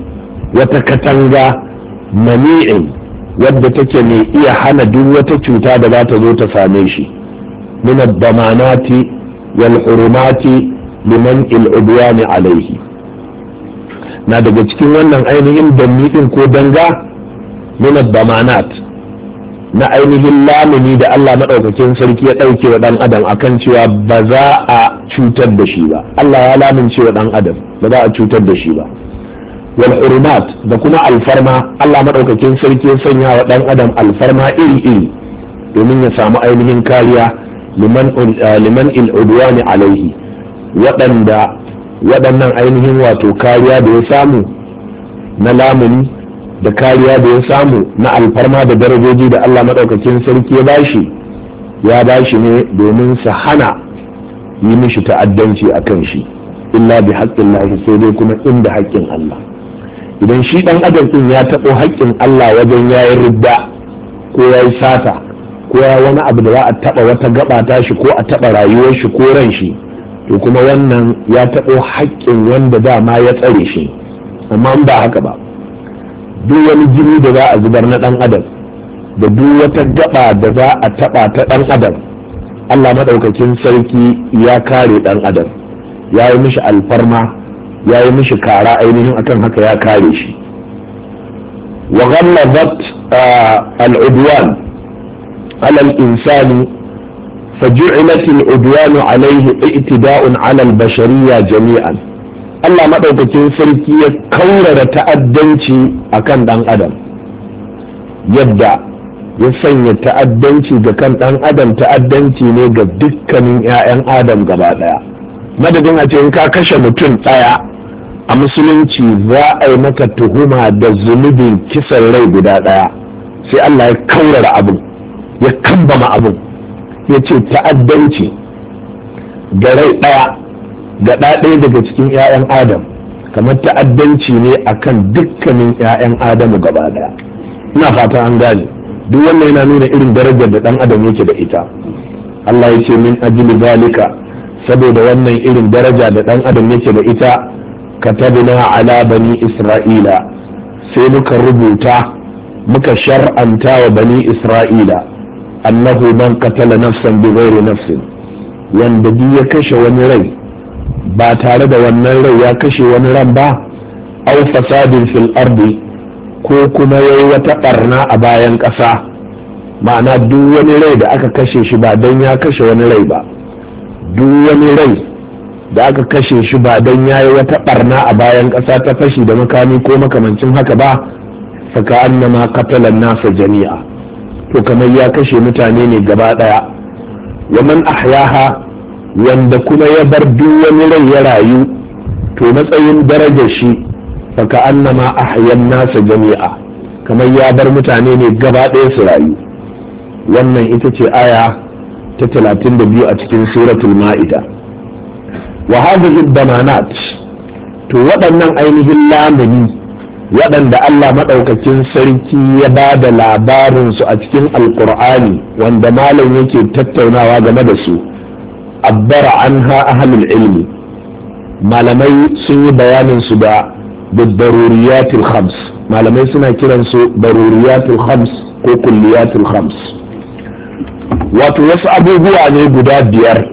wata katanga mani'in wadda take mai iya hana duk wata cuta da za ta zo ta same shi min damanati wal hurumati liman il alaihi na daga cikin wannan ainihin dammiɗin ko danga min damanat na ainihin lamuni da Allah maɗaukakin sarki ya ɗauke wa dan adam akan cewa ba za a cutar da shi ba Allah ya lamince wa dan adam ba za a cutar da shi ba wal hurumat da kuma alfarma Allah maɗaukakin sarki ya sanya wa ɗan adam alfarma iri iri domin ya samu ainihin kariya liman ah, il'udwani alaihi waɗanda waɗannan ainihin wato kariya da ya samu na lamuni da kariya da ya samu na alfarma da darajoji da Allah maɗaukakin sarki ya bashi ya bashi ne domin su hana yi mishi ta'addanci a kan shi illa bi haƙƙin lahi sai dai kuma inda haƙƙin Allah idan shi ɗan adam ɗin ya taɓo haƙƙin Allah wajen ya yi ridda ko ya yi sata ko ya wani abu da za a taba wata gaba ta shi ko a taba rayuwar shi ko ran shi to kuma wannan ya taɓo haƙƙin wanda dama ya tsare shi amma ba haka ba duk wani jini da za a zubar na ɗan adam da duk wata gaba da za a taɓa ta ɗan adam allah maɗaukakin sarki ya kare ɗan adam ya yi mishi alfarma ya yi mishi kara ainihin akan haka ya kare shi wa ghallabat ah, al-udwan على الإنسان فجعلت العدوان عليه اعتداء على البشرية جميعا Allah maɗaukacin sarki ya kaurara ta'addanci a kan ɗan adam yadda ya sanya ta'addanci ga kan ɗan adam ta'addanci ne ga dukkanin 'ya'yan adam gaba ɗaya madadin a ce in ka kashe mutum ɗaya a musulunci za a yi maka tuhuma da zunubin kisan rai guda ɗaya sai Allah ya kaurara abin ya kambama abin ya ce ta'addanci ga rai ɗaya ga ɗaya daga cikin 'ya'yan adam kamar ta'addanci ne akan dukkanin 'ya'yan adamu gaba ɗaya ina fata an gane duk wannan yana nuna irin darajar da ɗan adam yake da ita Allah ya ce min ajili zalika saboda wannan irin daraja da ɗan adam yake da ita ka tabina ala bani isra'ila sai muka rubuta muka shar'anta wa bani isra'ila annahu man qatala nafsan bi ghairi nafsin wanda duk ya kashe wani rai ba tare da wannan rai ya kashe wani ran ba au fasadin fil ardi ko kuma yayi wata barna a bayan ƙasa ma'ana duk wani rai da aka kashe shi ba dan ya kashe wani rai ba duk wani rai da aka kashe shi ba dan ya yi wata barna a bayan ƙasa ta fashi da makami ko makamancin haka ba faka annama katalan nasa jami'a to kamar ya kashe mutane ne gaba ɗaya wa man ahyaha wanda kuma ya bar duk wani rai ya rayu to matsayin darajar shi faka annama ahyan nasa jami'a kamar ya bar mutane ne gaba ɗaya su rayu wannan ita ce aya ta 32 a cikin suratul ma'ida wa hadhihi damanat to waɗannan ainihin lamuni waɗanda Allah maɗaukakin sarki ya ba da labarinsu a cikin alkur'ani wanda malam yake tattaunawa game da su abbar an ha ahalul ilmi malamai sun yi bayaninsu da daruriyatul khams malamai suna kiransu daruriyatul khams ko kulliyatul khams wato wasu abubuwa ne guda biyar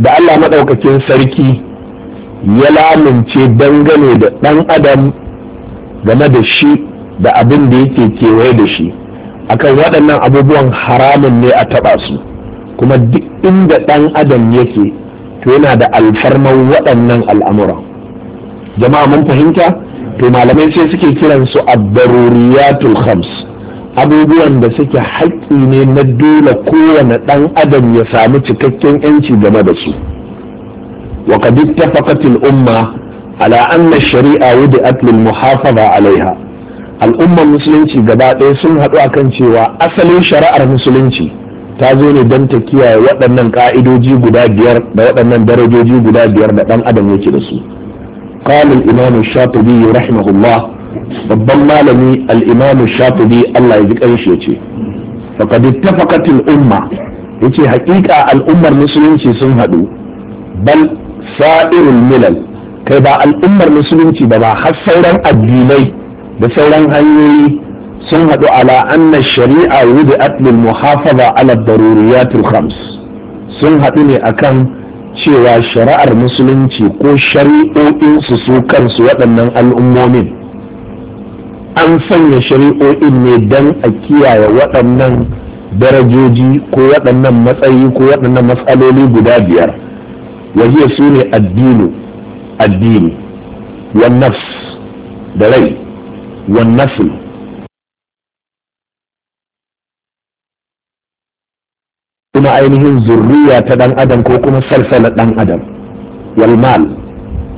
da Allah maɗaukakin sarki ya lamince dangane da ɗan adam game da shi da abin da yake kewaye da shi akan waɗannan abubuwan haramun ne a taɓa su kuma duk inda ɗan adam yake to yana da alfarman waɗannan al'amura jama'a mun fahimta to malamai sai suke kiran su abdaruriyatul khams abubuwan da suke haƙƙi ne na dole kowane ɗan adam ya samu cikakken yanci game da su wa umma ala anna shari'a wudi'at lil muhafaza alaiha al'ummar musulunci gaba ɗaya sun haɗu a kan cewa asalin shari'ar musulunci ta zo ne don ta kiyaye waɗannan ƙa'idoji guda biyar da waɗannan darajoji guda biyar da ɗan adam yake da su قال الإمام الشاطبي رحمه الله babban malami al'imamu shafibi Allah ya ji ƙarshe ya ce faƙad ittafaqatil umma yace haƙiƙa al'ummar musulunci sun haɗu bal sa'irul milal kai ba al'ummar musulunci ba ba har sauran addinai da sauran hanyoyi sun haɗu ala anna shari'a wudi'at lil muhafaza ala daruriyatil khams sun haɗu ne akan cewa shari'ar musulunci ko shari'o'in su su kansu waɗannan al'ummomin an sanya shari'o'in ne don a kiyaye waɗannan darajoji ko waɗannan matsayi ko waɗannan matsaloli guda biyar Waje su ne addinu addini wan nafs da kuma ainihin zurriya ta dan adam ko kuma salsala dan adam wal mal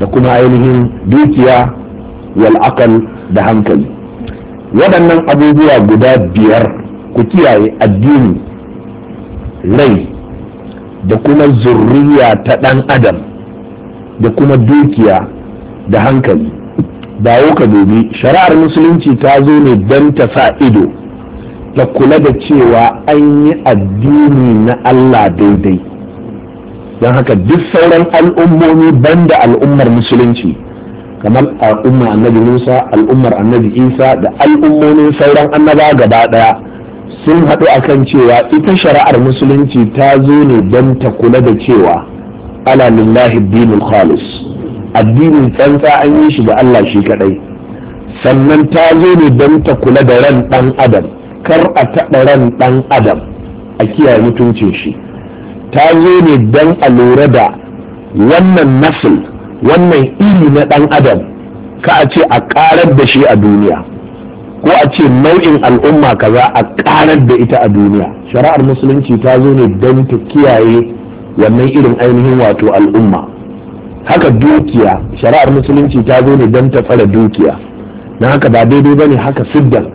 da kuma ainihin dukiya wal aqal da hankali waɗannan abubuwa guda biyar ku kiyaye addini rai da kuma zurriya ta dan adam da kuma dukiya da hankali dawo ka dubi shari'ar musulunci ta zo ne don ta sa ido ta kula da cewa an yi addini na Allah daidai don haka duk sauran al'ummomi banda al'ummar musulunci kamar al'ummar annabi musa al'ummar annabi isa da al'ummomin sauran annaba gaba daya sun haɗu akan cewa ita shari'ar musulunci ta zo ne don ta kula da cewa ala lillahi dinul khalis addinin tsantsa an yi shi ga Allah shi kadai sannan ta zo ne don ta kula da ran dan adam kar a taɓa ran dan adam a kiyaye mutuncin shi ta zo ne don a lura da wannan nasil wannan iri na dan adam ka a ce a ƙarar da shi a duniya ko a ce nau'in al'umma kaza a ƙarar da ita a duniya shari'ar musulunci ta zo ne don ta kiyaye wannan irin ainihin wato al'umma haka dukiya shari'ar musulunci ta zo ne don ta tsare dukiya na haka ba daidai ba ne haka siddan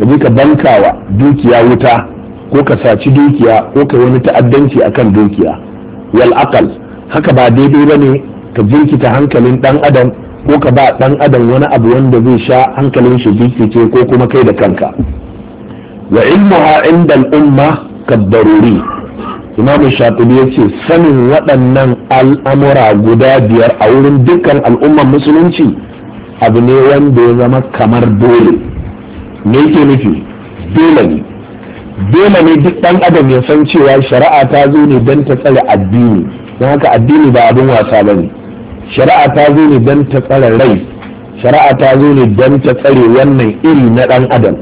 ka je ka bankawa dukiya wuta ko ka saci dukiya ko ka wani ta'addanci akan dukiya wal aqal haka ba daidai ba ne ka jirkita hankalin dan adam ko ka ba dan adam wani abu wanda zai sha hankalin shi jirkice ko kuma kai da kanka wa ilmuha inda al'umma kaddaruri imamu shatibi ya ce sanin waɗannan al'amura guda biyar a wurin dukkan al'ummar musulunci abu ne wanda ya zama kamar dole me yake nufi dole ne dole ne duk ɗan adam ya san cewa shari'a ta zo ne don ta tsare addini don haka addini ba abin wasa ba ne shari'a ta zo ne don ta tsare rai shari'a ta zo ne don ta tsare wannan iri na ɗan adam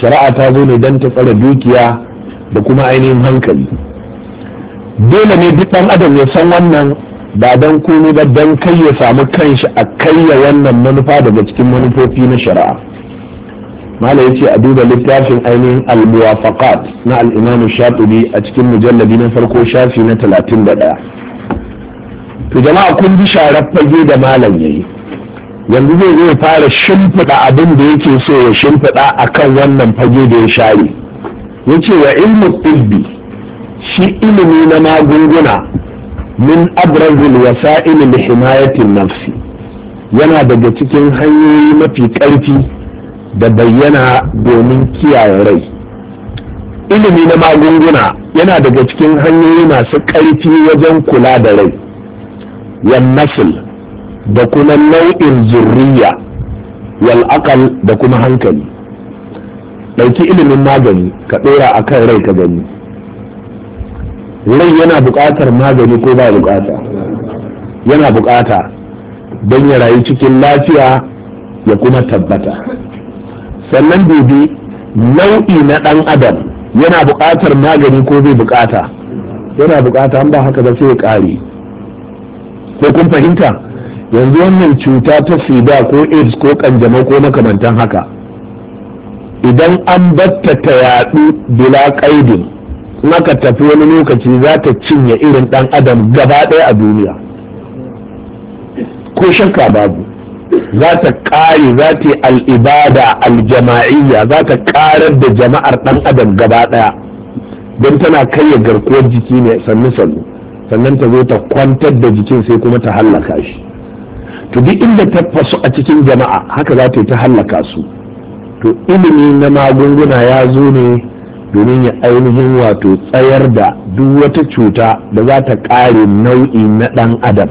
shari'a ta zo ne don ta tsare dukiya da kuma ainihin hankali dole ne duk ɗan adam ya san wannan ba dan komai ba don kai ya samu kanshi a ya wannan manufa daga cikin manufofi na shari'a mala yace a duba littafin ainihin al-muwafaqat na al-imam shatibi a cikin mujalladi na farko shafi na 31 to jama'a kun ji sharar fage da malam yayi yanzu zai zo fara shimfida abin da yake so ya shimfiɗa akan wannan fage da ya share yace wa ilmu tibbi shi ilimi na magunguna min abrazil wasa'il li himayatin nafsi yana daga cikin hanyoyi mafi ƙarfi da bayyana domin kiyaye rai ilimi na magunguna yana daga cikin hanyoyi masu ƙarfi wajen kula da rai yan nasil da kuma nau'in zurriya wal da kuma hankali ɗauki ilimin magani ka ɗora a kan rai ka gani rai yana buƙatar magani ko ba buƙata yana buƙata don ya rayu cikin lafiya ya kuma tabbata sannan dubi nau'i na ɗan adam yana buƙatar magani ko bai buƙata yana buƙata an ba haka ba sai ya ƙare ko kun fahimta yanzu wannan cuta ta sida ko aids ko kanjamau ko makamantan haka idan an batta ta yaɗu bila ƙaidin maka tafi wani lokaci za ta cinye irin ɗan adam gaba ɗaya a duniya ko shakka babu za ta ƙare za ta yi al'ibada aljama'iyya za ta ƙarar da jama'ar ɗan adam gaba ɗaya don tana ya garkuwar jiki ne sannu sannu sannan ta zo ta kwantar da jikin sai kuma ta hallaka shi to duk inda ta fasu a cikin jama'a haka za ta yi ta hallaka su to ilimi na magunguna ya zo ne domin ya ainihin wato tsayar da duk wata cuta da za ta ƙare nau'i na ɗan adam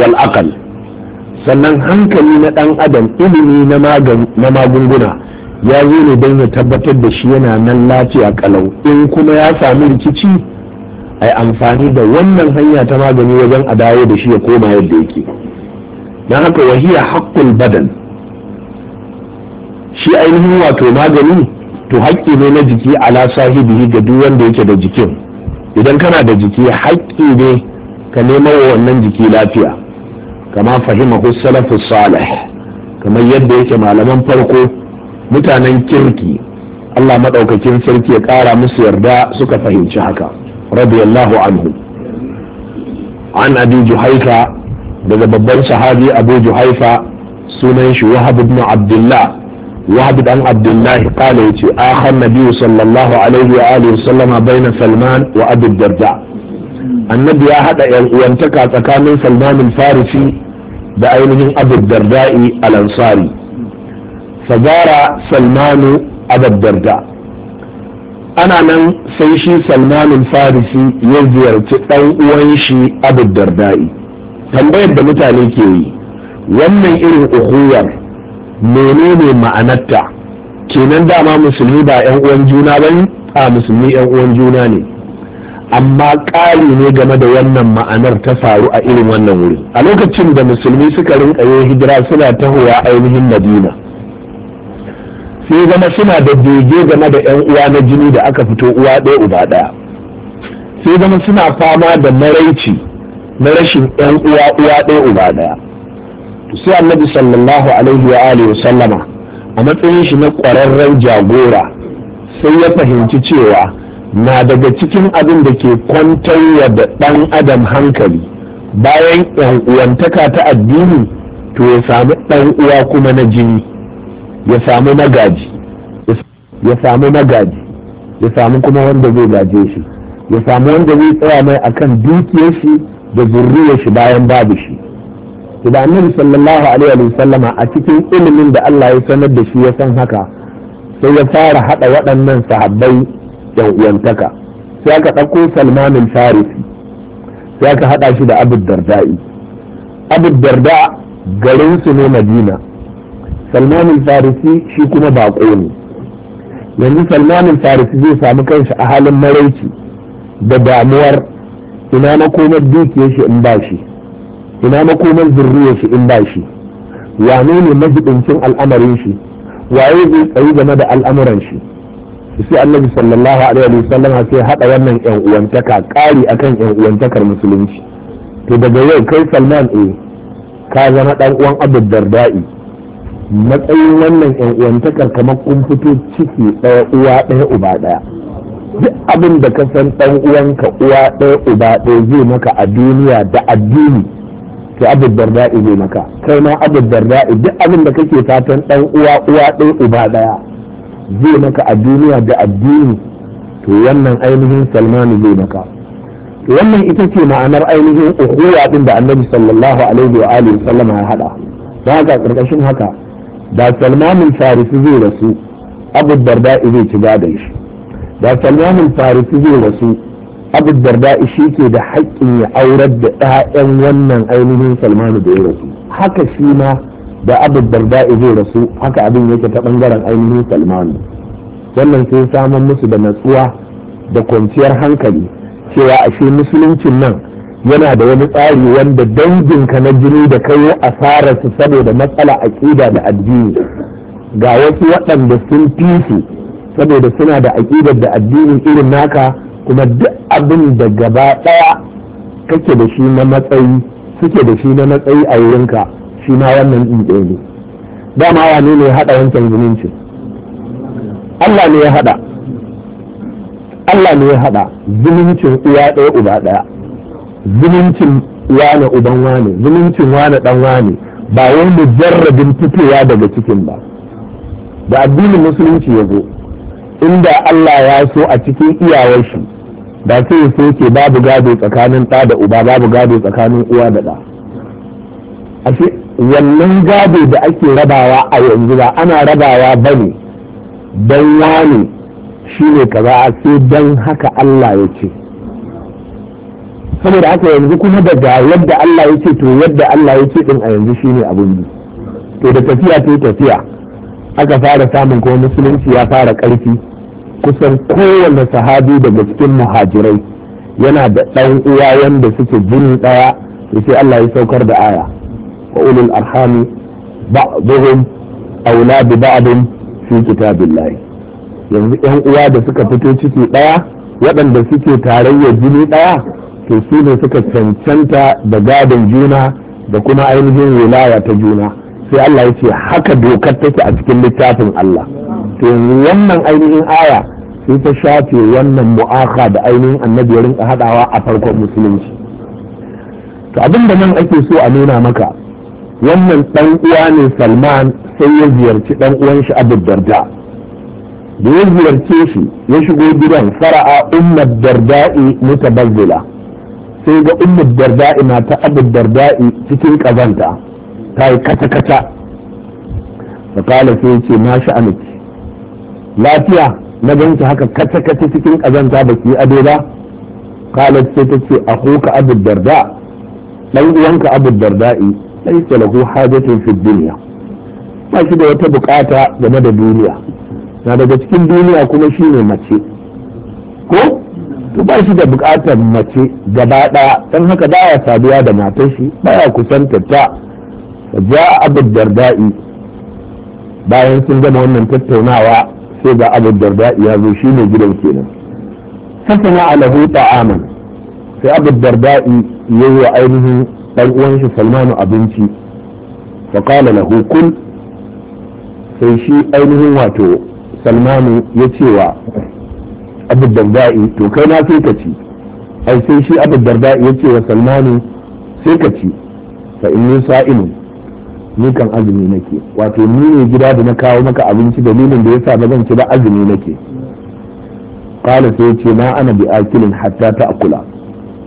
wal akal sannan hankali na ɗan adam ilimi na magunguna ya zo ne don ya tabbatar da shi yana nan a kalau in kuma ya sami rikici a yi amfani da wannan hanya ta magani wajen a dawo da shi ya koma yadda yake don haka wahiya haƙƙul badan shi ainihin wato magani to haƙƙi ne na jiki ala sahibihi ga duk wanda yake da jikin idan kana da jiki haƙƙi ne ka nema wa wannan jiki lafiya kama fahima salafu salih kamar yadda yake malaman farko mutanen kirki Allah maɗaukakin sarki ya ƙara musu yarda suka fahimci haka radiyallahu anhu an abi juhaifa daga babban sahabi abu juhaifa sunan shi wahab ibn abdullah وعبد عن عبد الله قال يتي آخى النبي صلى الله عليه وآله وسلم بين سلمان وأبي الدرداء النبي هذا ينتكى تكامل سلمان الفارسي بعينه أبو الدرداء الأنصاري فزار سلمان أبا الدرداء أنا نم سيشي سلمان الفارسي يزير تقوى ويشي أبو الدرداء تنبيه بمتالي كي ومن إلو أخوير menene ma'anarta kenan dama musulmi ba 'yan uwan juna ba ne a musulmi 'yan uwan juna ne amma ƙari ne game da wannan ma'anar ta faru a irin wannan wuri a lokacin da musulmi suka rinka yin hijira suna tahowa ainihin madina sai zama suna da bege game da 'yan uwa na jini da aka fito uwa ɗaya uba ɗaya sai zama suna fama da maraici na rashin 'yan uwa uwa ɗaya uba ɗaya sai annabi sallallahu alaihi wa alihi wa sallama a matsayin shi na ƙwararren jagora sai ya fahimci cewa na daga cikin abin da ke kwantarwa da ɗan adam hankali bayan uwantaka ta addini to ya samu ɗan uwa kuma na jini ya samu magaji ya samu magaji ya samu kuma wanda zai gaje shi ya samu wanda zai tsaya mai akan dukiyar shi da zurriyar shi bayan babu shi to da annabi sallallahu alaihi wa sallama a cikin ilimin da Allah ya sanar da shi ya san haka sai ya fara hada waɗannan sahabbai yan uwantaka sai aka ɗauko Salman al-Farisi sai aka hada shi da Abu Darda'i Abu Darda garin su ne Madina Salman al-Farisi shi kuma bako ne yanzu Salman al-Farisi zai samu kanshi a halin maraici da damuwar ina na komar dukiyar shi in ba shi ina makoman zurriyar shi in ba shi wane ne majibincin al'amarin shi waye zai tsayi game da al'amuran shi sai annabi sallallahu alaihi wa sallam sai hada wannan yan uwantaka kari akan yan uwantakar musulunci to daga yau kai Salman e, ka zama dan uwan Abu Darda'i matsayin wannan yan uwantakar kamar kun fito ciki daya uwa daya uba daya duk abin da ka san dan uwanka uwa ɗaya uba ɗaya zai maka a duniya da addini to abu darda'i ne maka kai ma abu darda'i duk abin da kake fatan dan uwa uwa ɗin uba ɗaya zai maka a duniya da addini to wannan ainihin salmanu zai maka to wannan ita ce ma'anar ainihin ukhuwa ɗin da annabi sallallahu alaihi wa alihi sallama ya hada don haka ƙarƙashin haka da salmanin farisi zai rasu abu darda'i zai ci gadon shi da salmanin farisi zai rasu abu darda shi ke da haƙƙin ya aurar da 'ya'yan wannan ainihin salmanu da ya rasu haka shi ma da abu darda zai rasu haka abin yake ta ɓangaren ainihin salmanu wannan sai samun musu da natsuwa da kwanciyar hankali cewa ashe musuluncin nan yana da wani tsari wanda danginka na jini da kayo asararsu saboda matsala aƙida da addini ga wasu waɗanda sun fi su saboda suna da aƙidar da addinin irin naka kuma duk abin da gaba ɗaya kake da shi na matsayi suke da shi na matsayi a wurinka shi ma wannan ɗin ne dama wane ne ya haɗa wancan zumunci Allah ne ya haɗa Allah ne ya haɗa zumuncin uwa ɗaya uba ɗaya zumuncin na uban wane zumuncin na ɗan wane ba wai mujarrabin fitowa daga cikin ba da addinin musulunci ya zo inda Allah ya so a cikin iyawar shi da sai ya soke babu gado tsakanin ɗa da uba babu gado tsakanin uwa da ɗa ashe wannan gado da ake rabawa a yanzu ba ana rabawa ba ne don wani shi ne a sai don haka Allah ya ce saboda haka yanzu kuma daga yadda Allah ya ce to yadda Allah ya ce din a yanzu shi ne abin bi to da tafiya ta tafiya aka fara samun kuma musulunci ya fara ƙarfi kusan kowane sahabi daga cikin muhajirai yana da ɗan uwa wanda suke jini ɗaya sai Allah ya saukar da aya wa ulul arhami ba'dhum aula bi ba'dhin fi kitabillahi yanzu ɗan uwa da suka fito ciki ɗaya waɗanda suke tarayya jini ɗaya to su ne suka cancanta da gadon juna da kuma ainihin wilaya ta juna sai Allah ya ce haka dokar take a cikin littafin Allah to yanzu wannan ainihin aya sai ta shafe wannan mu'aka da ainihin annabi ya rinka hadawa a farkon musulunci to abin da nan ake so a nuna maka wannan dan uwa ne salman sai ya ziyarci dan uwan shi abu darda da ya ziyarce shi ya shigo gidan fara'a ummar darda'i mutabazzila sai ga ummar darda'i na ta abu darda'i cikin kazanta ta yi kata-kata fakala sai ce na sha'anuki lafiya na ganki haka kace kace cikin kazanta ba ki ado ba qalat sai ta ce akhuka abu darda ɗan uwanka abu darda'i laysa lahu hajatun fi dunya ba shi da wata bukata game da duniya na daga cikin duniya kuma shine mace ko to ba shi da bukatar mace gaba ɗaya, dan haka ya saduwa da matar shi baya kusantar ta ja abu darda'i bayan sun gama wannan tattaunawa sai ga abu darda ya zo shi ne gidan kenan fasana alahu ta'aman sai abu darda ya yi wa ainihin dan uwan shi salmanu abinci fa qala lahu kun sai shi ainihin wato salmanu ya ce wa abu darda to kai na sai ka ci ai sai shi abu darda ya ce wa salmanu sai ka ci fa inni sa'imun ni kan azumi nake wato ni ne gida da na kawo maka abinci dalilin da yasa ba zan ci ba azumi nake qala sai ce ma ana bi akilin hatta ta akula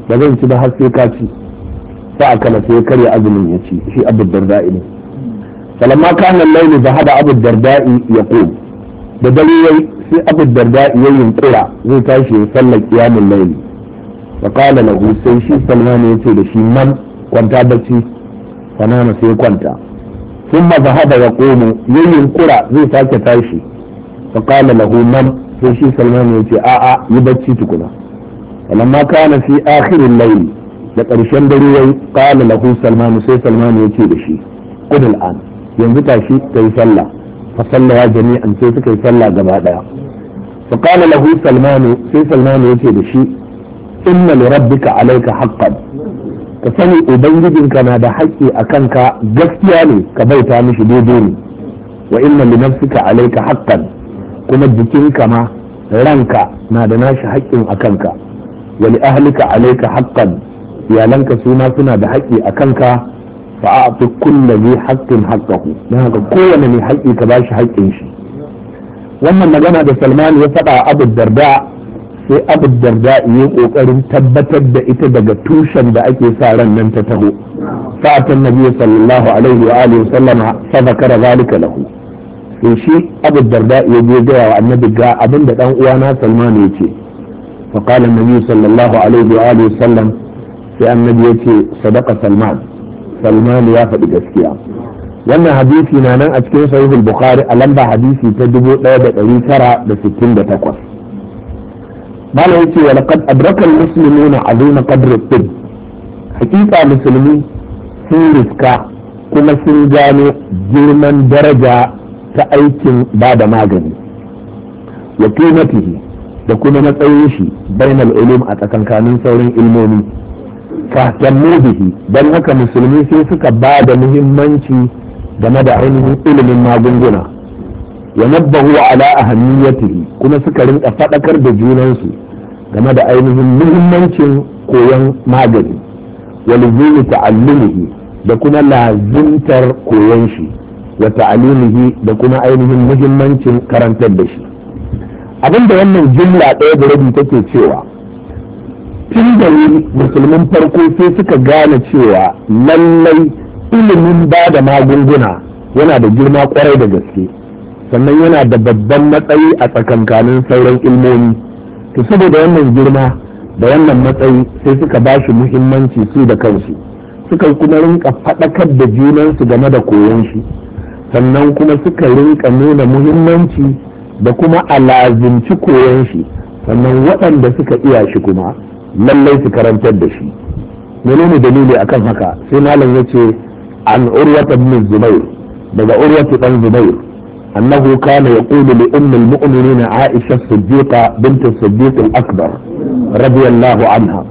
ba zan ci ba har sai ka ci fa akala sai karya azumin ya ci shi abu darda'i ne falamma kana al-layl zahada abu darda'i yaqul da dare sai abu darda'i ya yunkura zai tashi ya sallar qiyamul layl fa qala lahu sai shi salman ya ce da shi man kwanta bacci fanama sai kwanta ثم ذهب يقوم يمين كرة زي ساكة تايشي فقال له نم في شي سلمان يتي آآ يبتشي تكنا فلما كان في آخر الليل لقرشان دريوي قال له سلمان سي سلمان يتي بشي قد الآن ينزل شي كي صلى فصلى جميعا سي كي صلى جبادا فقال له سلمان سي سلمان يتي بشي إن لربك عليك حقا ka sani ubangijinka na da haƙƙi a kanka gaskiya ne ka bauta mishi daidai ne wa inna li nafsika alayka haqqan kuma jikinka ma ranka na da nashi haƙƙin a kanka wa li ahlika alayka haqqan iyalanka su ma suna da haƙƙi a kanka fa a'ti kulli dhi haqqin haqqahu dan haka kowanne mai haƙƙi ka bashi haƙƙin shi wannan magana da Salman ya faɗa Abu Darda sai abu darda ya kokarin tabbatar da ita daga tushen da ake sa ran nan ta taho fa'atan nabi sallallahu alaihi wa alihi sallama da zalika lahu sai shi abu darda ya je ga wa annabi ga abin da dan na salman ya ce fa qala nabi sallallahu alaihi wa alihi sallam sai annabi ya ce sadaka salman salman ya faɗi gaskiya wannan hadisi na nan a cikin sahihul bukhari a lamba hadisi ta 1968 malam yake wa laqad adraka al-muslimuna azuna qadr al-tib hakika musulmi sun riska kuma sun gano girman daraja ta aikin ba da magani wa qimatihi da kuma matsayin shi bainal ulum a tsakankanin sauran ilmomi fa bihi don haka musulmi sai suka ba da muhimmanci game da ainihin ilimin magunguna wa nabbahu ala ahamiyatihi kuma suka rinka faɗakar da junansu game da ainihin muhimmancin koyon magani wa luzumi ta'allumihi da kuma lazimtar koyon shi wa ta'allumihi da kuma ainihin muhimmancin karantar da shi abinda wannan jimla ɗaya da rabi take cewa tun da musulmin farko sai suka gane cewa lallai ilimin ba da magunguna yana da girma kwarai da gaske sannan yana da babban matsayi a tsakankanin sauran ilmomi to saboda wannan girma da wannan matsayi sai suka ba shi muhimmanci su da kansu suka kuma rinka faɗakar da junansu game da koyon shi sannan kuma suka rinka nuna muhimmanci da kuma alazinci koyon shi sannan waɗanda suka iya shi kuma lallai su karantar da shi menene dalili akan haka sai malam ya ce an urwata min zubair daga urwatu ɗan zubair أنه كان يقول لأم المؤمنين عائشة الصديقة بنت الصديق الأكبر رضي الله عنها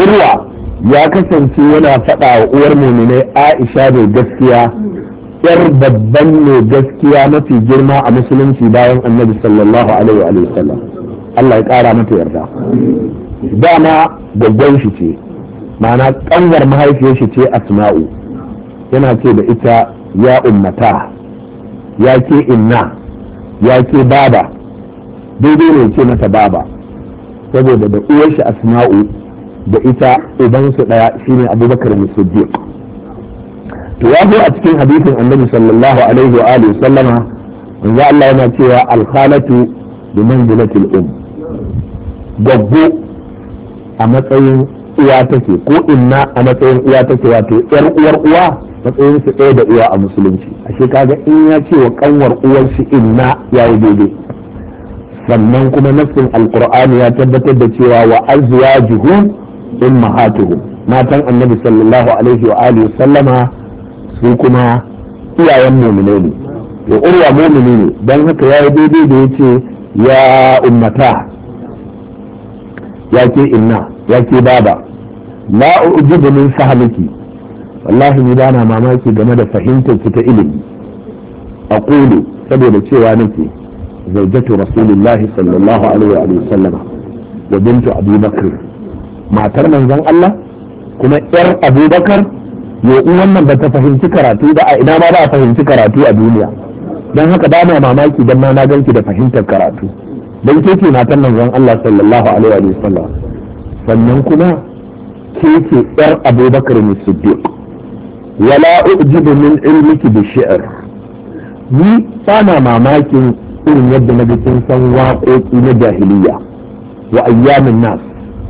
إروى يا كسن سيونا فتا وأور Aisha عائشة بالجسكية yar babban mai gaskiya mafi girma a musulunci bayan annabi sallallahu alaihi wa sallam Allah ya kara mata yarda dama gaggon shi ce ma'ana kangar mahaifiyar shi ce asma'u yana ce da ita ya ummata ya ce inna ya ce baba daidai ne ce mata baba saboda da uwarshi asma'u da ita ubansu daya shine abubakar siddiq to ya zo a cikin hadisin annabi sallallahu alaihi wa alihi sallama manzo Allah yana cewa al-khalatu bi manzilati um gaggo a matsayin uwa take ko inna a matsayin uwa take wato yar uwar uwa matsayin su ɗaya da uwa a musulunci ashe kaga in ya ce wa kanwar uwar shi inna yi daidai sannan kuma nassin alqur'ani ya tabbatar da cewa wa azwajuhu ummahatuhum matan annabi sallallahu alaihi wa alihi sallama su kuma iyayen mu'mini ne to urwa mu'mini ne dan haka ya yi daidai da yace ya ummata ya ke inna ya ke baba la ujibu min sahliki wallahi ni bana mamaki game da fahimtar ki ta ilimi a kulu saboda cewa nake zaujatu rasulullahi sallallahu alaihi wa sallama wa bintu abubakar matar manzon Allah kuma yar abubakar yo wannan ba ta fahimci karatu ba a ina ma ba a fahimci karatu a duniya Dan haka ba na mamaki don ma na ganki da fahimtar karatu Dan ke ce matan manzon Allah sallallahu alaihi wa sallam sannan kuma ke ce yar abubakar ne siddiq wala ujibu min ilmiki bi ni bana mamakin irin yadda na bikin san waƙoƙi na jahiliya wa ayyamin nas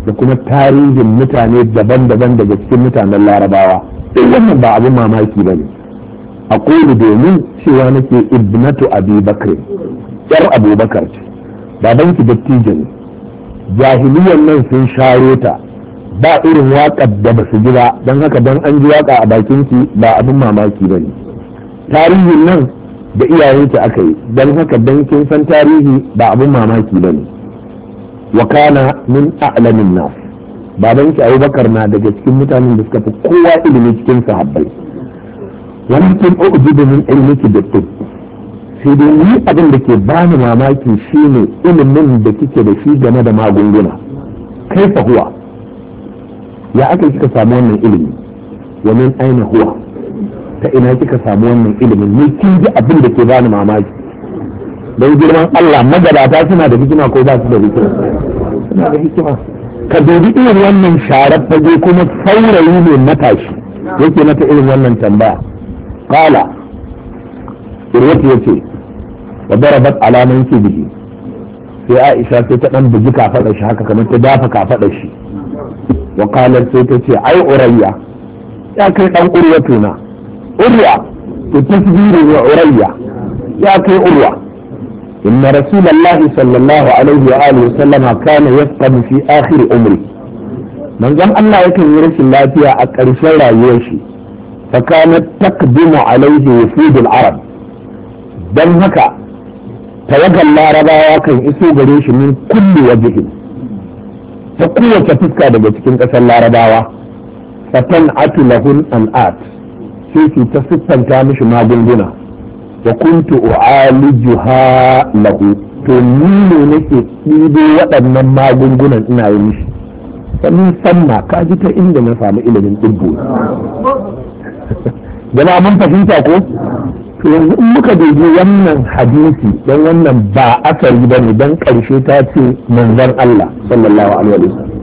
da kuma tarihin mutane daban-daban daga cikin mutanen larabawa duk wannan ba abin mamaki ba ne a kowane domin cewa nake ibnatu abi bakr yar abubakar ce babanki dattijo ne jahiliyan nan sun sharo ta ba irin waƙar da ba su ji ba don haka don an ji waƙa a bakinki ba abin mamaki ba ne tarihin nan da iyayenki aka yi don haka don kin san tarihi ba abin mamaki ba ne wa kana min a'lamin nas ayi bakar na daga cikin mutanen da suka fi kowa ilimi cikin sahabbai walakin ujibu min ilmiki da sai dai ni abin da ke bani mamaki shine ilimin da kike da shi game da magunguna kai fahuwa ya aka kika samu wannan ilimi wa min aina huwa ta ina kika samu wannan ilimin ni kin ji abin da ke bani mamaki don girman Allah magabata suna da hikima ko ba su da hikima suna da hikima ka dubi irin wannan sharar fage kuma saurayi ne matashi yake mata irin wannan tambaya qala irwati yace wa darabat alaman kibihi sai Aisha sai ta dan buji kafaɗa shi haka kamar ta dafa kafadar shi wa kalar sai ta ce ai uraiya ya kai dan urwa tuna urwa ta wa uraiya ya kai urwa inna rasulullahi sallallahu alaihi wa alihi wasallam kana yaqam fi akhir umri manzon Allah yake yi rashin lafiya a ƙarshen rayuwar shi fa kana takdimu alaihi wufud arab dan haka tawakkal larabawa kan iso gare shi min kulli wajhihi ta kowace fuska daga cikin ƙasar larabawa fatan atu lahun at sai su ta siffanta mishi magunguna da kuntu ha lahu to ni ne nake ɗibo waɗannan magungunan ina yi mishi sannan sanna ka ji ta inda na samu ilimin ɗibbo jama'a mun fahimta ko to in muka dubi wannan hadisi don wannan ba asali ba ne don ƙarshe ta ce manzan Allah sallallahu alaihi wasallam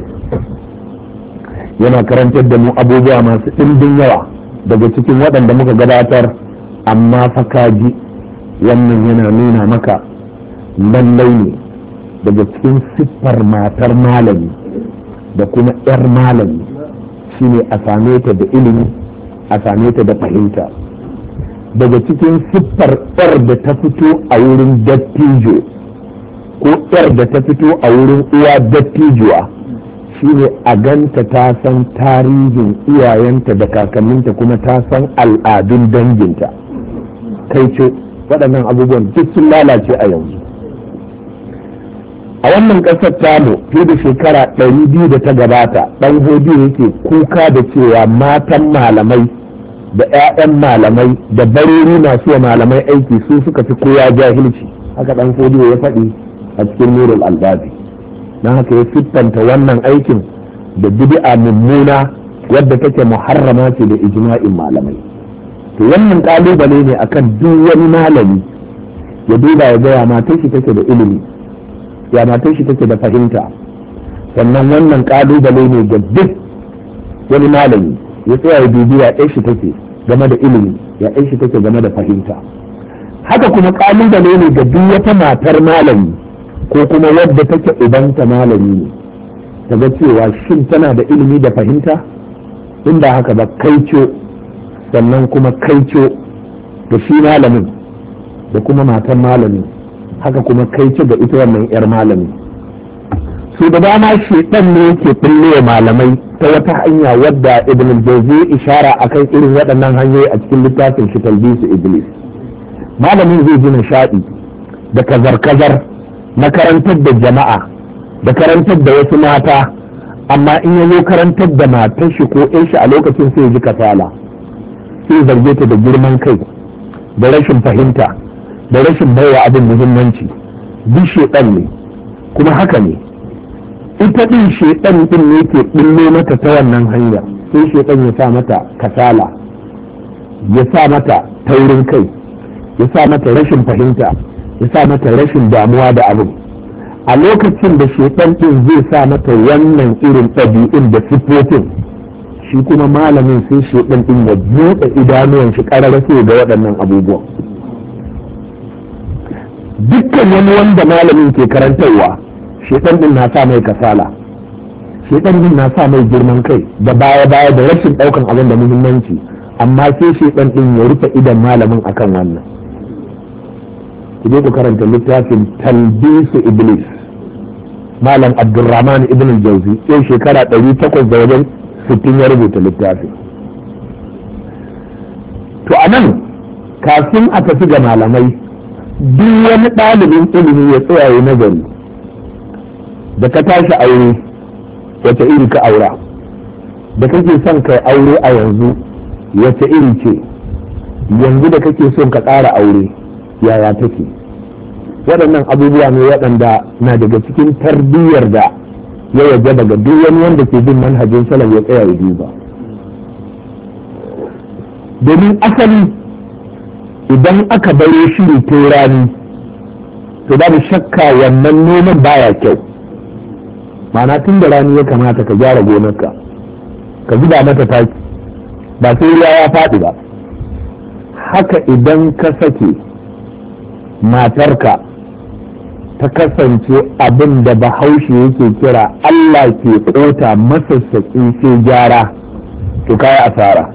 yana karantar da mu abubuwa masu ɗimbin yawa daga cikin waɗanda muka gabatar amma fakaji wannan yana nuna maka lallai ne daga cikin siffar matar malami da kuma 'yar malami shine a same ta da ilimi a same ta da fahimta daga cikin siffar ɗar da ta fito a wurin dattijo ko yar da ta fito a wurin uwa dattijuwa shine a ganta ta san tarihin iyayenta da kakanninta kuma ta san al'adun danginta kai ce waɗannan abubuwan duk sun lalace a yanzu a wannan ƙasar tamu fiye da shekara 200 da ta gabata ɗan hodiyo yake kuka da cewa matan malamai da 'ya'yan malamai da barori masu wa malamai aiki su suka fi koya jahilci haka dan fodiyo ya faɗi a cikin nurul albabi na haka ya siffanta wannan aikin da bid'a mummuna wadda take muharrama ce da ijma'in malamai to wannan kalubale ne akan duk wani malami ya duba ya ga ya matar shi take da ilimi ya matar shi take da fahimta sannan wannan kalubale ne ga duk wani malami ya tsaya ya dubi ya ɗaya shi take game da ilimi ya shi take game da fahimta haka kuma kalubale ne ga duk wata matar malami ko kuma wadda take ubanta malami ne ta ga cewa shin tana da ilimi da fahimta in ba haka ba kaico sannan kuma kaico da shi malamin da kuma matan malamin haka kuma kaico ga ita wannan 'yar malamin su da dama ɗan ne yake kulle malamai ta wata hanya wadda ibn al-jawzi ishara akan irin waɗannan hanyoyi a cikin littafin shi talbisu iblis malamin zai ji nishaɗi da kazar-kazar na karantar da jama'a da karantar da wasu mata amma in ya zo karantar da matar shi ko ɗan shi a lokacin sai ji kasala sai zarge ta da girman kai da rashin fahimta da rashin baiwa abin muhimmanci duk ɗan ne kuma haka ne ita din shedan ɗin ne ke billo mata ta wannan hanyar, sai shedan ya sa mata kasala ya sa mata taurin kai ya sa mata rashin fahimta ya sa mata rashin damuwa da abu a lokacin da shedan ɗin zai sa mata wannan irin ɗabi'un da sifotin, shi kuma malamin sai ɗin din ya buɗe idanuwan shi ƙararra ga waɗannan abubuwan dukkan wani wanda malamin ke karantarwa shedan din na sa mai kasala shedan din na sa mai girman kai da baya baya da rashin daukan abin da muhimmanci amma sai shedan din ya rufe idan malamin akan wannan ku je ku karanta littafin talbisu iblis malam abdurrahman ibn jauzi sai shekara 800 da wajen 60 ya rubuta littafin to a nan kafin a tafi ga malamai duk wani ɗalibin ilimi ya tsaya nazari da ka tashi aure wace iri ka aura da kake son kai aure a yanzu wace iri ce yanzu da kake son ka ƙara aure yaya take waɗannan abubuwa ne waɗanda na daga cikin tarbiyyar da ya waje daga duk wani wanda ke bin manhajin salam ya tsaya ya duba domin asali idan aka shi shiri to rani to babu shakka wannan noman baya kyau mana tun da rani ya kamata ka gyara gonarka ka zuba mata taki ba sai ruwa ya faɗi ba haka idan ka sake matarka ta kasance abin da bahaushe yake kira Allah ke tsota masassaƙi sai gyara to kaya asara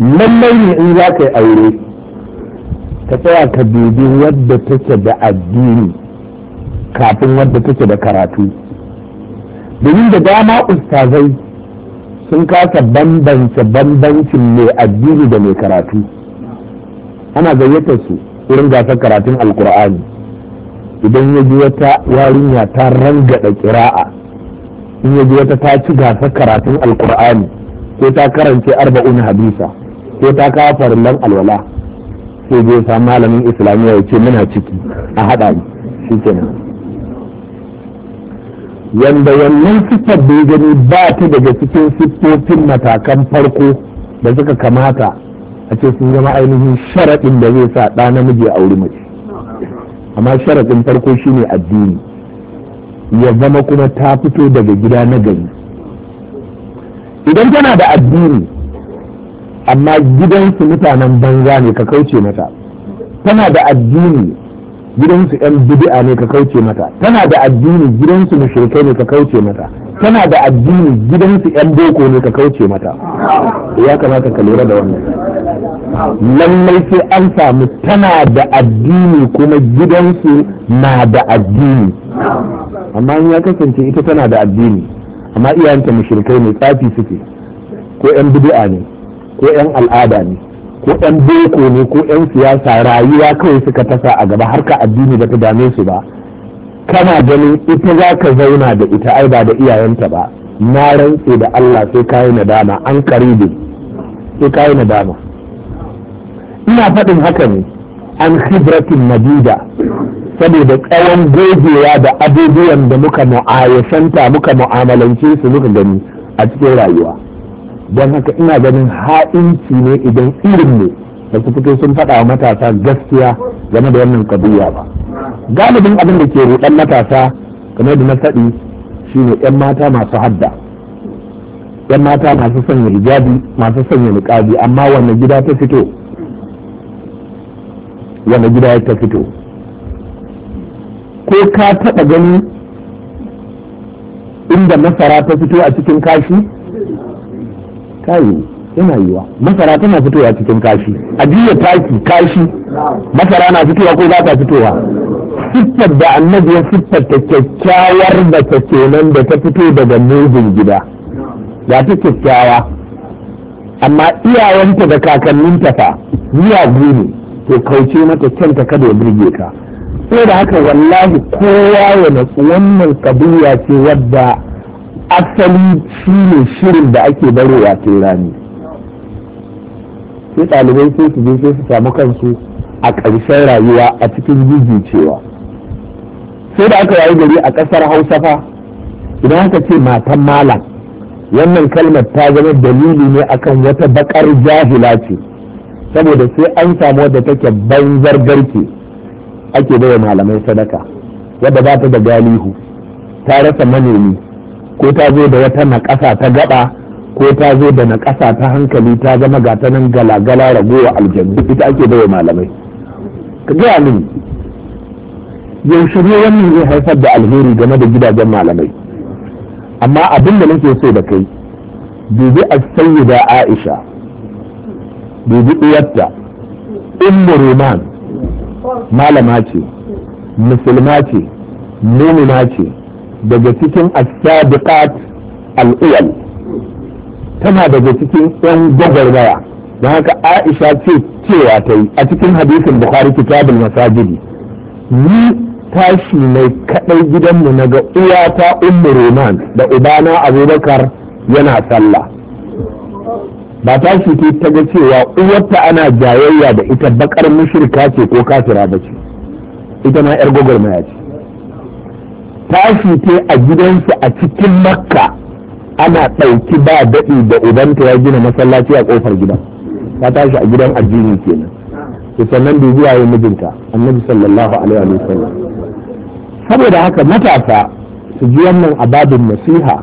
lallai ne in za ka yi aure ka tsaya ka dubi wadda take da addini kafin wadda take da karatu domin da dama ustazai sun kasa bambance bambancin mai addini da mai karatu ana gayyatar su irin gasar karatun alkur'ani idan ya ji wata yarinya ta rangada kira'a in ya ji wata ta ci gasar karatun alkur'ani ko ta karance arba'un hadisa ko ta kawo farillan alwala sai zai samu malamin islamiyya ya ce muna ciki a haɗa shi kenan Yanda wannan siffar da ya gani ba ta daga cikin siffofin matakan farko da suka kamata a ce sun zama ainihin sharaɗin da zai sa ɗa namiji a wuri mace amma sharaɗin farko shine addini ya zama kuma ta fito daga gida na gari idan tana da addini amma gidansu mutanen banza ne ka kauce mata tana da addini gidansu yan bid'a ne ka kauce mata tana da addini gidansu mushrikai ne ka kauce mata tana da addini gidansu yan boko ne ka kauce mata ya kamata ka lura da wannan lallai sai an samu tana da addini kuma gidansu na da addini amma ya kasance ita tana da addini amma iyayenta mushrikai ne tsafi suke ko yan bid'a ne ko yan al'ada ne ko ɗan boko ne ko ɗan siyasa rayuwa kawai suka tasa a gaba harka addini ba ta dame su ba kana ganin ita za ka zauna da ita ai ba da iyayenta ba na rantse da Allah sai kayi nadama an karibe sai kayi nadama ina faɗin haka ne an khibratin madida saboda tsawon gogewa da abubuwan da muka mu'ayashanta muka mu'amalance su muka gani a cikin rayuwa don haka ina ganin ha'inci ne idan irin ne da su fito sun faɗa wa matasa gaskiya game da wannan kabiya ba galibin abin da ke ruɗan matasa kamar da na faɗi shine yan mata masu hadda yan mata masu sanya hijabi masu sanya niƙabi amma wanne gida ta fito wanne gida ta fito ko ka taɓa gani inda masara ta fito a cikin kashi kayi yana yiwa masara tana fitowa cikin kashi ajiyar taki kashi masara na fitowa ko za ta fitowa siffar da annabi ya siffar ta kyakkyawar da ta kenan da ta fito daga mugun gida ya ta kyakkyawa amma iyawanta da kakanninta fa miyagu ne to kauce mata kyanta kada ya burge ka sai da haka wallahi kowa ya natsu wannan kabiya ce wadda asali shi ne shirin da ake barowa ce rani sai ɗalibai sai su je sai su samu kansu a ƙarshen rayuwa a cikin jijicewa sai da aka yayi gari a ƙasar hausa fa idan aka ce matan malam wannan kalmar ta zama dalili ne akan wata bakar jahila ce saboda sai an samu wadda take banzar garke ake baiwa malamai sadaka wadda ba ta da galihu ta rasa manomi ko ta zo da wata naƙasa ta gaba ko ta zo da naƙasa ta hankali ta zama gatanin nan galagala ragowa aljanu ita ake baiwa malamai ka gaya min yaushe ne wannan zai haifar da alheri game da gidajen malamai amma abin da nake so da kai dubi sanyi da Aisha dubi uwarta ummu roman malama ce musulma ce mumina ce daga cikin as al-uwal tana daga cikin yan gwagwarmaya don haka Aisha ce cewa ta yi a cikin hadisin Bukhari kitabul masajidi ni tashi mai kadai gidanmu na ga uwata ummu Roman da ubana Abubakar yana sallah ba tashi ce ta ga cewa uwarta ana jayayya da ita bakar mushrika ce ko kafira ba ce ita ma yar gwagwarmaya ce tashi ce a gidansu a cikin makka ana ɗauki ba daɗi da ubanta ya gina masallaci a ƙofar gida ta tashi a gidan addini kenan to sannan zuwa yi mijinta annabi sallallahu alaihi wa sallam saboda haka matasa su ji wannan a babin nasiha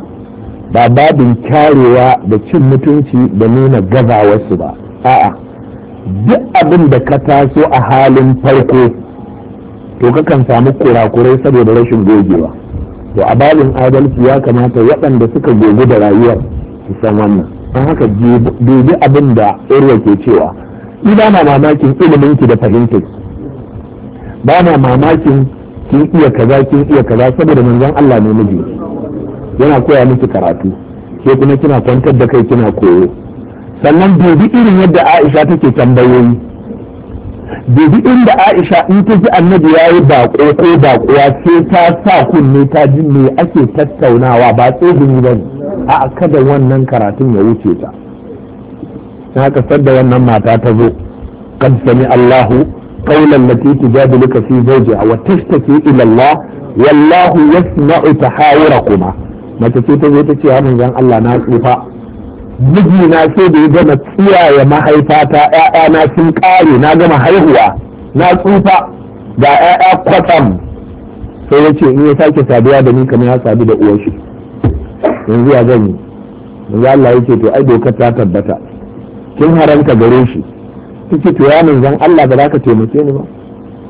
ba babin kyarewa da cin mutunci da nuna gazawarsu ba a'a duk abin da ka taso a halin farko to kakan samu kurakurai saboda rashin gogewa to a balin adalci ya kamata waɗanda suka gogu da rayuwar su san wannan don haka dubi abin da irwa ke cewa ni ba na mamakin iliminki da fahimtar ba na mamakin kin iya kaza kin iya kaza saboda manzon Allah ne miji yana koya miki karatu ke kuma kina kwantar da kai kina koyo sannan dubi irin yadda Aisha take tambayoyi dubi inda aisha in ta ji annabi ya yi bako ko bakuwa sai ta sa kunne ta ji me ake tattaunawa ba tsoguni ba ne. a kada wannan karatun ya wuce ta na haka sadda wannan mata ta zo kan sami allahu ki lati luka fi a wa ta ke allah wallahu haura kuma. mace ce ta zo ta ce ya manzon allah na tsufa na sai da ya gama tsiyaye mahaifata na sun kare na gama haihuwa na tsufa da ‘ya'ya kwatsam sai ya ce in ya sake saduwa da ni kamar ya sadu da uwar shi yanzu ya zan yi yanzu Allah ya ce to ai dokar ta tabbata kin haramta gare shi kike to ya zan Allah ba za ka taimake ni ba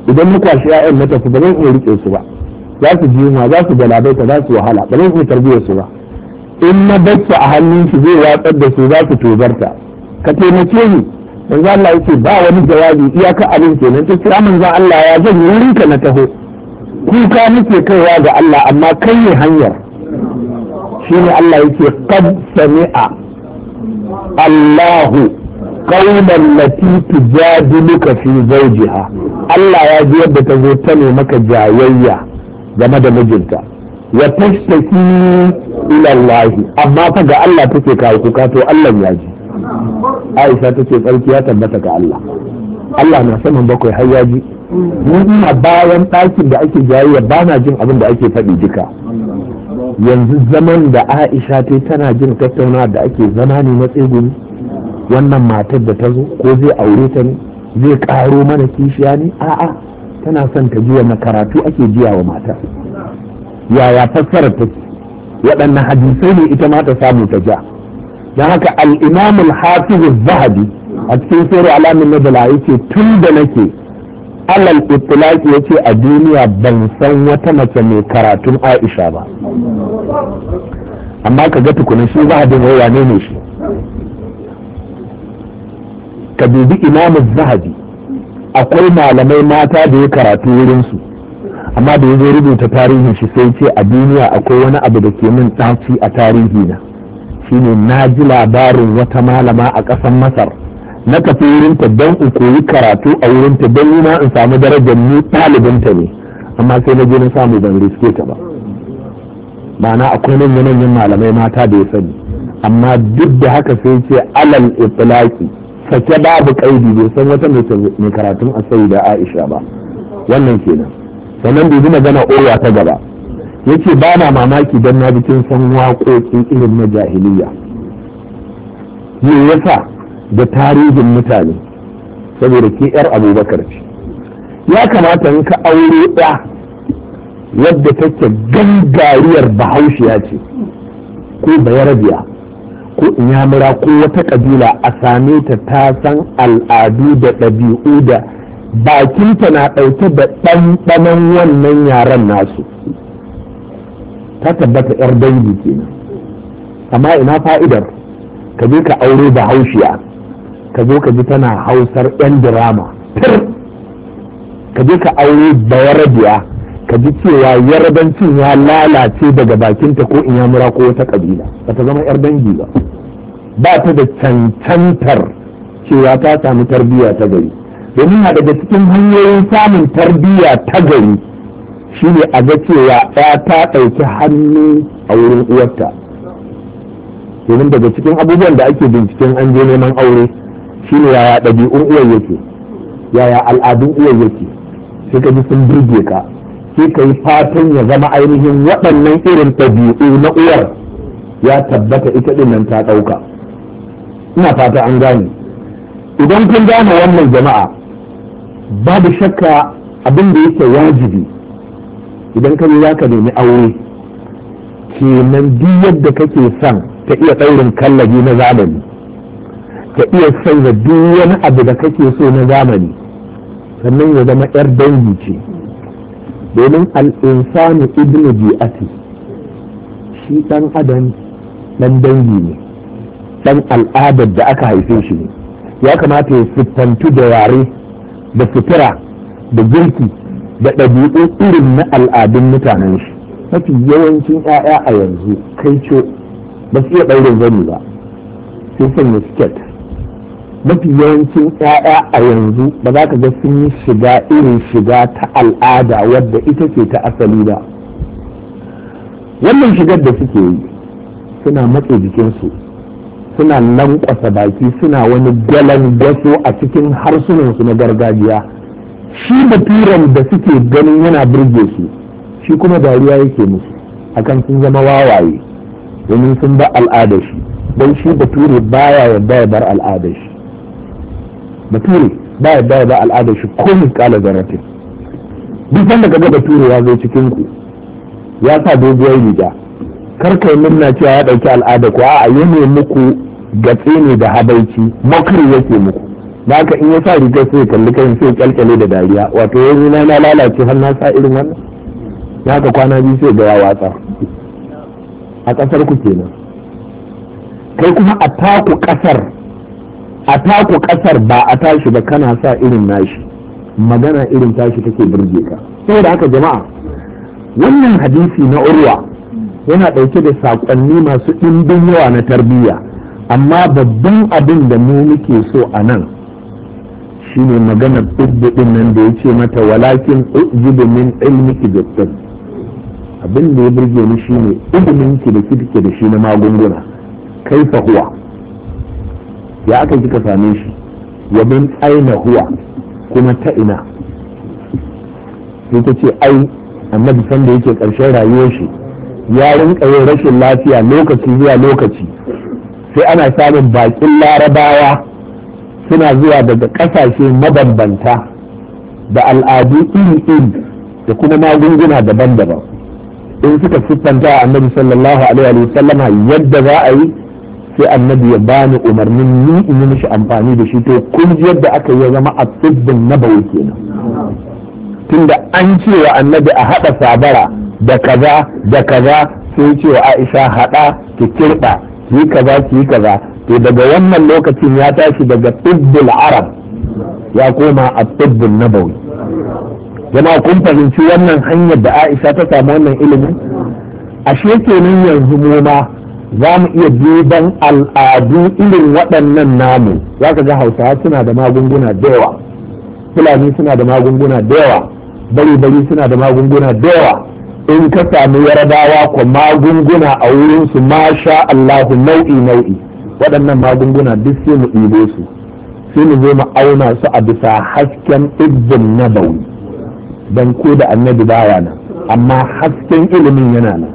idan muka shi ‘ya'yan na tafi ba zan iya rike su ba za su ji yunwa za su galabaita za su wahala ba zan iya tarbiyyar su ba in na bacci a hannun zai watsar da su za su tubarta. ka taimake ni manzo Allah yake ba wani jawabi iyaka abin kenan ta kira manzo Allah ya zan wurin ka na taho kuka nake kaiwa ga Allah amma kai ne hanyar shine Allah yake qad sami'a Allahu qawlan lati tujadiluka fi zawjiha Allah ya ji yadda ta zo ta ne maka jayayya game da mijinta wa tashtaki ila Allah amma fa ga Allah take kawo kuka to Allah ya ji Aisha tace tsarki ya tabbata ga Allah Allah na saman bakwai har ya ji a bayan ɗakin da ake jayayya ba na jin abin da ake faɗi duka yanzu zaman da Aisha ta tana jin tattaunawar da ake zama ne na tsegumi wannan matar da ta zo ko zai aure ta ne zai karo mana kishiya ne a'a tana son ta jiya na karatu ake jiya wa matar yaya fassara ta waɗannan hadisai ne ita ma ta samu ta ja don haka al-imam al-hafiz zahabi a cikin sura alamin nabala yake tun da nake alal itilaki yace a duniya ban san wata mace mai karatun aisha ba amma ka ga tukuna shi zahabin wai wane ne shi ka dubi zahabi akwai malamai mata da ya karatu wurinsu amma da ya zo rubuta tarihin shi sai ce a duniya akwai wani abu da ke min tsafi a tarihi na shine na ji labarin wata malama a ƙasar masar na tafi ta don in koyi karatu a wurinta don yi ma in samu darajar ni ɗalibinta ne amma sai na je na samu ban riske ta ba ma'ana akwai manyan manyan malamai mata da ya sani amma duk da haka sai ce alal itlaki sake babu kaidi bai san wata mai karatun asali da aisha ba wannan kenan sannan dubi magana owa ta gaba yace ba na mamaki don na bikin san waƙoƙin irin na jahiliya me yasa da tarihin mutane saboda ke yar abubakar ce ya kamata in ka aure ɗa yadda take gangariyar bahaushiya ce ko bayarabiya ko inyamura ko wata ƙabila a same ta ta san al'adu da ɗabi'u da bakinta na ɗauke da ɗanɗanon wannan yaren nasu ta tabbata 'yar dangi kenan amma ina fa'idar ka je ka aure da haushiya ka zo ka ji tana hausar 'yan dirama ka je ka aure yarabiya ka ji cewa yarabancin ya lalace daga bakinta ko in yamura ko wata kabila ba ta zama 'yar dangi ba ba ta da cancantar cewa ta samu tarbiyya ta gari domin na daga cikin hanyoyin samun tarbiyya ta gari shi ne a ga cewa ya ta ɗauki hannu a wurin uwarta domin daga cikin abubuwan da ake binciken an je neman aure shi ne yaya ɗabi'un uwar yake yaya al'adun uwar yake sai ka ji sun burge ka sai ka yi fatan ya zama ainihin waɗannan irin ɗabi'u na uwar ya tabbata ita ɗin nan ta ɗauka ina fata an gane idan kun gane wannan jama'a babu shakka abin da yake wajibi idan ka za ka nemi aure kenan duk yadda kake son ta iya ɗaurin kallabi na zamani ta iya da duk wani abu da kake so na zamani sannan ya zama 'yar dangi ce domin al'insani ibn bi'ati shi ɗan adam ɗan dangi ne ɗan al'adar da aka haife shi ne ya kamata ya siffantu da yare da fitira da girki da ɗabi'u irin na al'adun mutanen shi mafi yawancin 'ya'ya a yanzu kai ce ba su iya ɗaurin zani ba sai sanya siket mafi yawancin 'ya'ya a yanzu ba za ka ga sun yi shiga irin shiga ta al'ada wadda ita ce ta asali ba wannan shigar da suke yi suna matse jikinsu suna lankwasa baki suna wani galan gaso a cikin harsunansu na gargajiya shi baturan da suke ganin yana birge su shi kuma dariya yake musu akan sun zama wawaye domin sun ba al'adar shi don shi bature baya yadda ya bar al'adar shi bature ba yadda ya bar al'adar shi ko mu kala zaratin duk wanda kaga bature ya zo cikin ku ya sa doguwar riga kar kai murna cewa ya dauki al'ada ku a'a ya muku gatse ne da habaici mokri yake muku haka in ya sa rigar sai kalli kan sai kyalkyale da dariya wato yanzu na na lalace har na sa irin wannan haka kwana biyu sai gaya watsa a kasar ku kenan kai kuma a taku kasar a taku kasar ba a tashi ba kana sa irin nashi magana irin tashi take burge ka saboda haka jama'a wannan hadisi na urwa yana ɗauke da saƙonni masu ɗimbin yawa na tarbiyya amma babban abin da mu muke so a nan shi shine maganar ɗin nan da ya ce mata walakin ujibu min ilmiki da abin da ya burge ni shi shine ki da kike da shi na magunguna fa huwa ya aka kika same shi ya bin aina huwa kuma ta ina sai ce ai annabi sanda yake ƙarshen rayuwar shi ya rinka yin rashin lafiya lokaci zuwa lokaci sai ana samun bakin larabawa suna zuwa daga ƙasashe mabambanta da al'adu iri-iri da kuma magunguna daban-daban in suka siffanta annabi sallallahu alaihi wa sallama yadda za a yi sai annabi ya bani umarnin ni in yi mishi amfani da shi to kun yadda aka yi zama a tsibbin nabawi kenan tunda an cewa annabi a haɗa sabara da kaza da kaza sai cewa aisha haɗa ki kirɓa yi kaza ki kaza to daga wannan lokacin ya tashi daga tibbul arab ya koma a tibbul nabawi jama kun fahimci wannan hanyar da aisha ta samu wannan ilimin ashe kenan yanzu mu ma za mu iya duban al'adu irin waɗannan namu za ka ga hausawa suna da magunguna da yawa fulani suna da magunguna da yawa bari bari suna da magunguna da yawa in ka sami yarabawa ko magunguna a wurinsu masha Allahu nau'i nau'i waɗannan magunguna duk sai mu ɗibe su sai mu zo mu auna su a bisa hasken na nabawi don ko da annabi baya nan amma hasken ilimin yana nan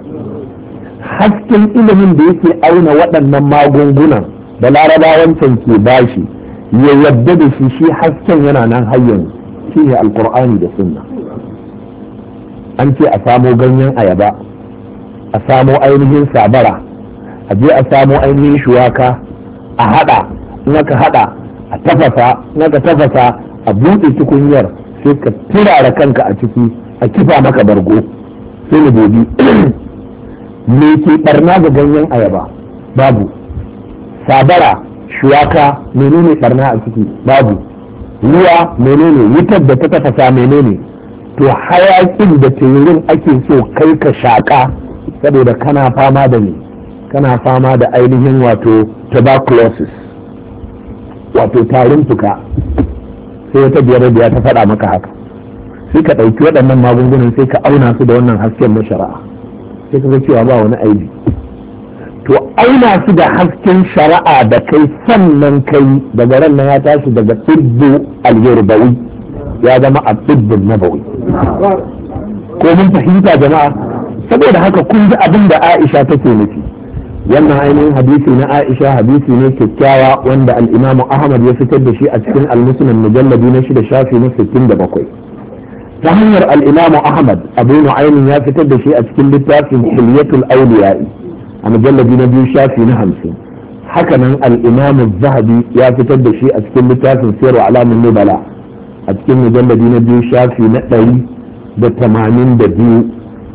hasken ilimin da yake auna waɗannan magungunan da larabawan ke bashi ya yadda da shi shi hasken yana nan har yanzu shine alkur'ani da sunna an ce a samo ganyen ayaba a samo ainihin sabara a je a samo ainihin shuwaka a hada in aka hada a tafasa in aka tafasa a buɗe tukunyar sai ka turara kanka a ciki a kifa maka bargo sai na gobi me ke barna ga ganyen ayaba babu sabara shuwaka menene barna a ciki babu ruwa menene wutar da ta tafasa menene to hayakin da tururin ake so kai ka shaƙa saboda kana fama da ne kana fama da ainihin wato tuberculosis wato tarin fuka sai wata biyar da ta faɗa maka haka sai ka ɗauki waɗannan magungunan sai ka auna su da wannan hasken na sai ka cewa ba wani aibi to auna su da hasken shari'a da kai sannan kai daga ran na ya tashi daga tsibbu al ya zama a tsibbin nabawi ko mun fahimta jama'a saboda haka kun ji abin da Aisha take nufi wannan ainihin hadisi na Aisha hadisi ne kyakkyawa wanda al-Imam Ahmad ya fitar da shi a cikin al-Muslim mujalladi na shida shafi na 67 ta hanyar al-Imam Ahmad Abu Nu'aym ya fitar da shi a cikin littafin Hilyatul Awliya a mujalladi na biyu shafi na 50 haka nan al-Imam zahabi ya fitar da shi a cikin littafin Sirru Alamin Nubala a cikin mujalladi na biyu shafi na ɗari da tamanin da biyu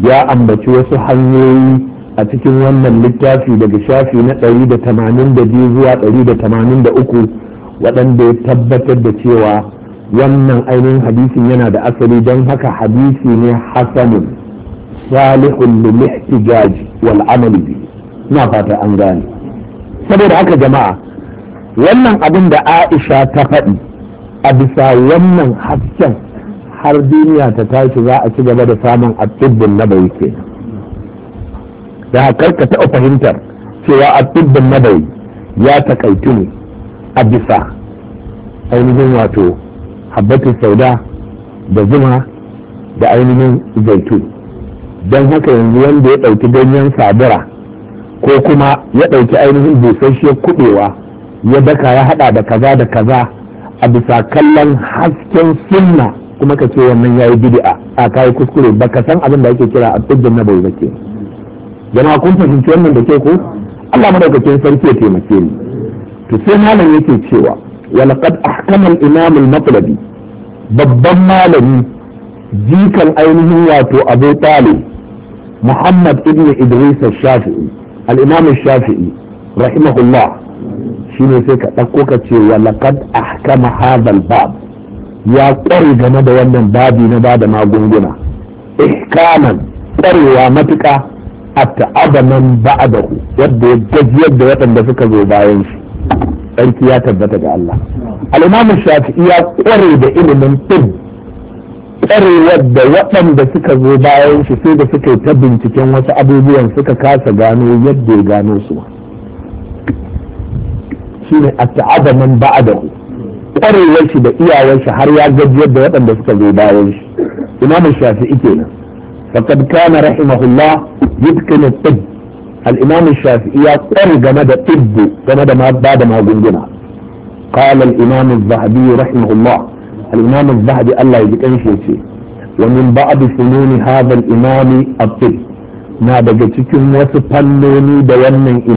ya ambaci wasu hanyoyi a cikin wannan littafi daga shafi na ɗari da tamanin da biyu zuwa ɗari da tamanin da uku waɗanda ya tabbatar da cewa wannan ainihin hadisin yana da asali don haka hadisi ne hasanin salihun lil ihtijaj wal amali na fata an gane saboda haka jama'a wannan abin da Aisha ta faɗi a bisa wannan hasken har duniya ta tashi za a ci gaba da samun na bai ke da ka taɓa fahimtar cewa na bai ya takaitu ne a bisa ainihin wato habbatin sauda da zuma da ainihin zaitu don haka yanzu wanda ya ɗauki ganyen sabura ko kuma ya ɗauki ainihin busasshiyar kuɓewa ya daka ya haɗa da kaza da kaza a bisa kallon hasken sunna kuma ka ce wannan ya yi bid'a a kai kuskure baka san abin da ake kira a tsibin na bai zake jama'a kun fahimci wannan da ke ku? Allah madaukakin sarki ya taimake ni to sai malam yake cewa wani ahkama al-imam al-matlabi babban malami jikan ainihin wato Abu tali Muhammad ibn Idris al-Shafi'i al-Imam shafii rahimahullah shine sai ka ɗauko ka ce wa laqad ahkama hadal bab ya ƙware game da wannan babi na ba da magunguna ihkaman ƙwarewa matuƙa a ta'abanan ba'adahu wadda ya gajiyar da waɗanda suka zo bayan shi sarki ya tabbata ga Allah al-imamu shafi'i ya ƙware da ilimin tib ƙwarewar da waɗanda suka zo bayan shi sai da suke ta binciken wasu abubuwan suka kasa gano yadda ya gano su shine as'ada man ba'dahu kwarewar shi da iyawar shi har ya gajiyar da waɗanda suka zo bayan shi imam shafi'i kenan faqad kana rahimahullah yutqinu tibb al-imam shafi'i ya kware game da tibb game da ba da magunguna qala al-imam az-zahabi rahimahullah al-imam az-zahabi Allah ya ji kanshi yace wa min ba'd fununi hadha al-imam at-tibb na daga cikin wasu fannoni da wannan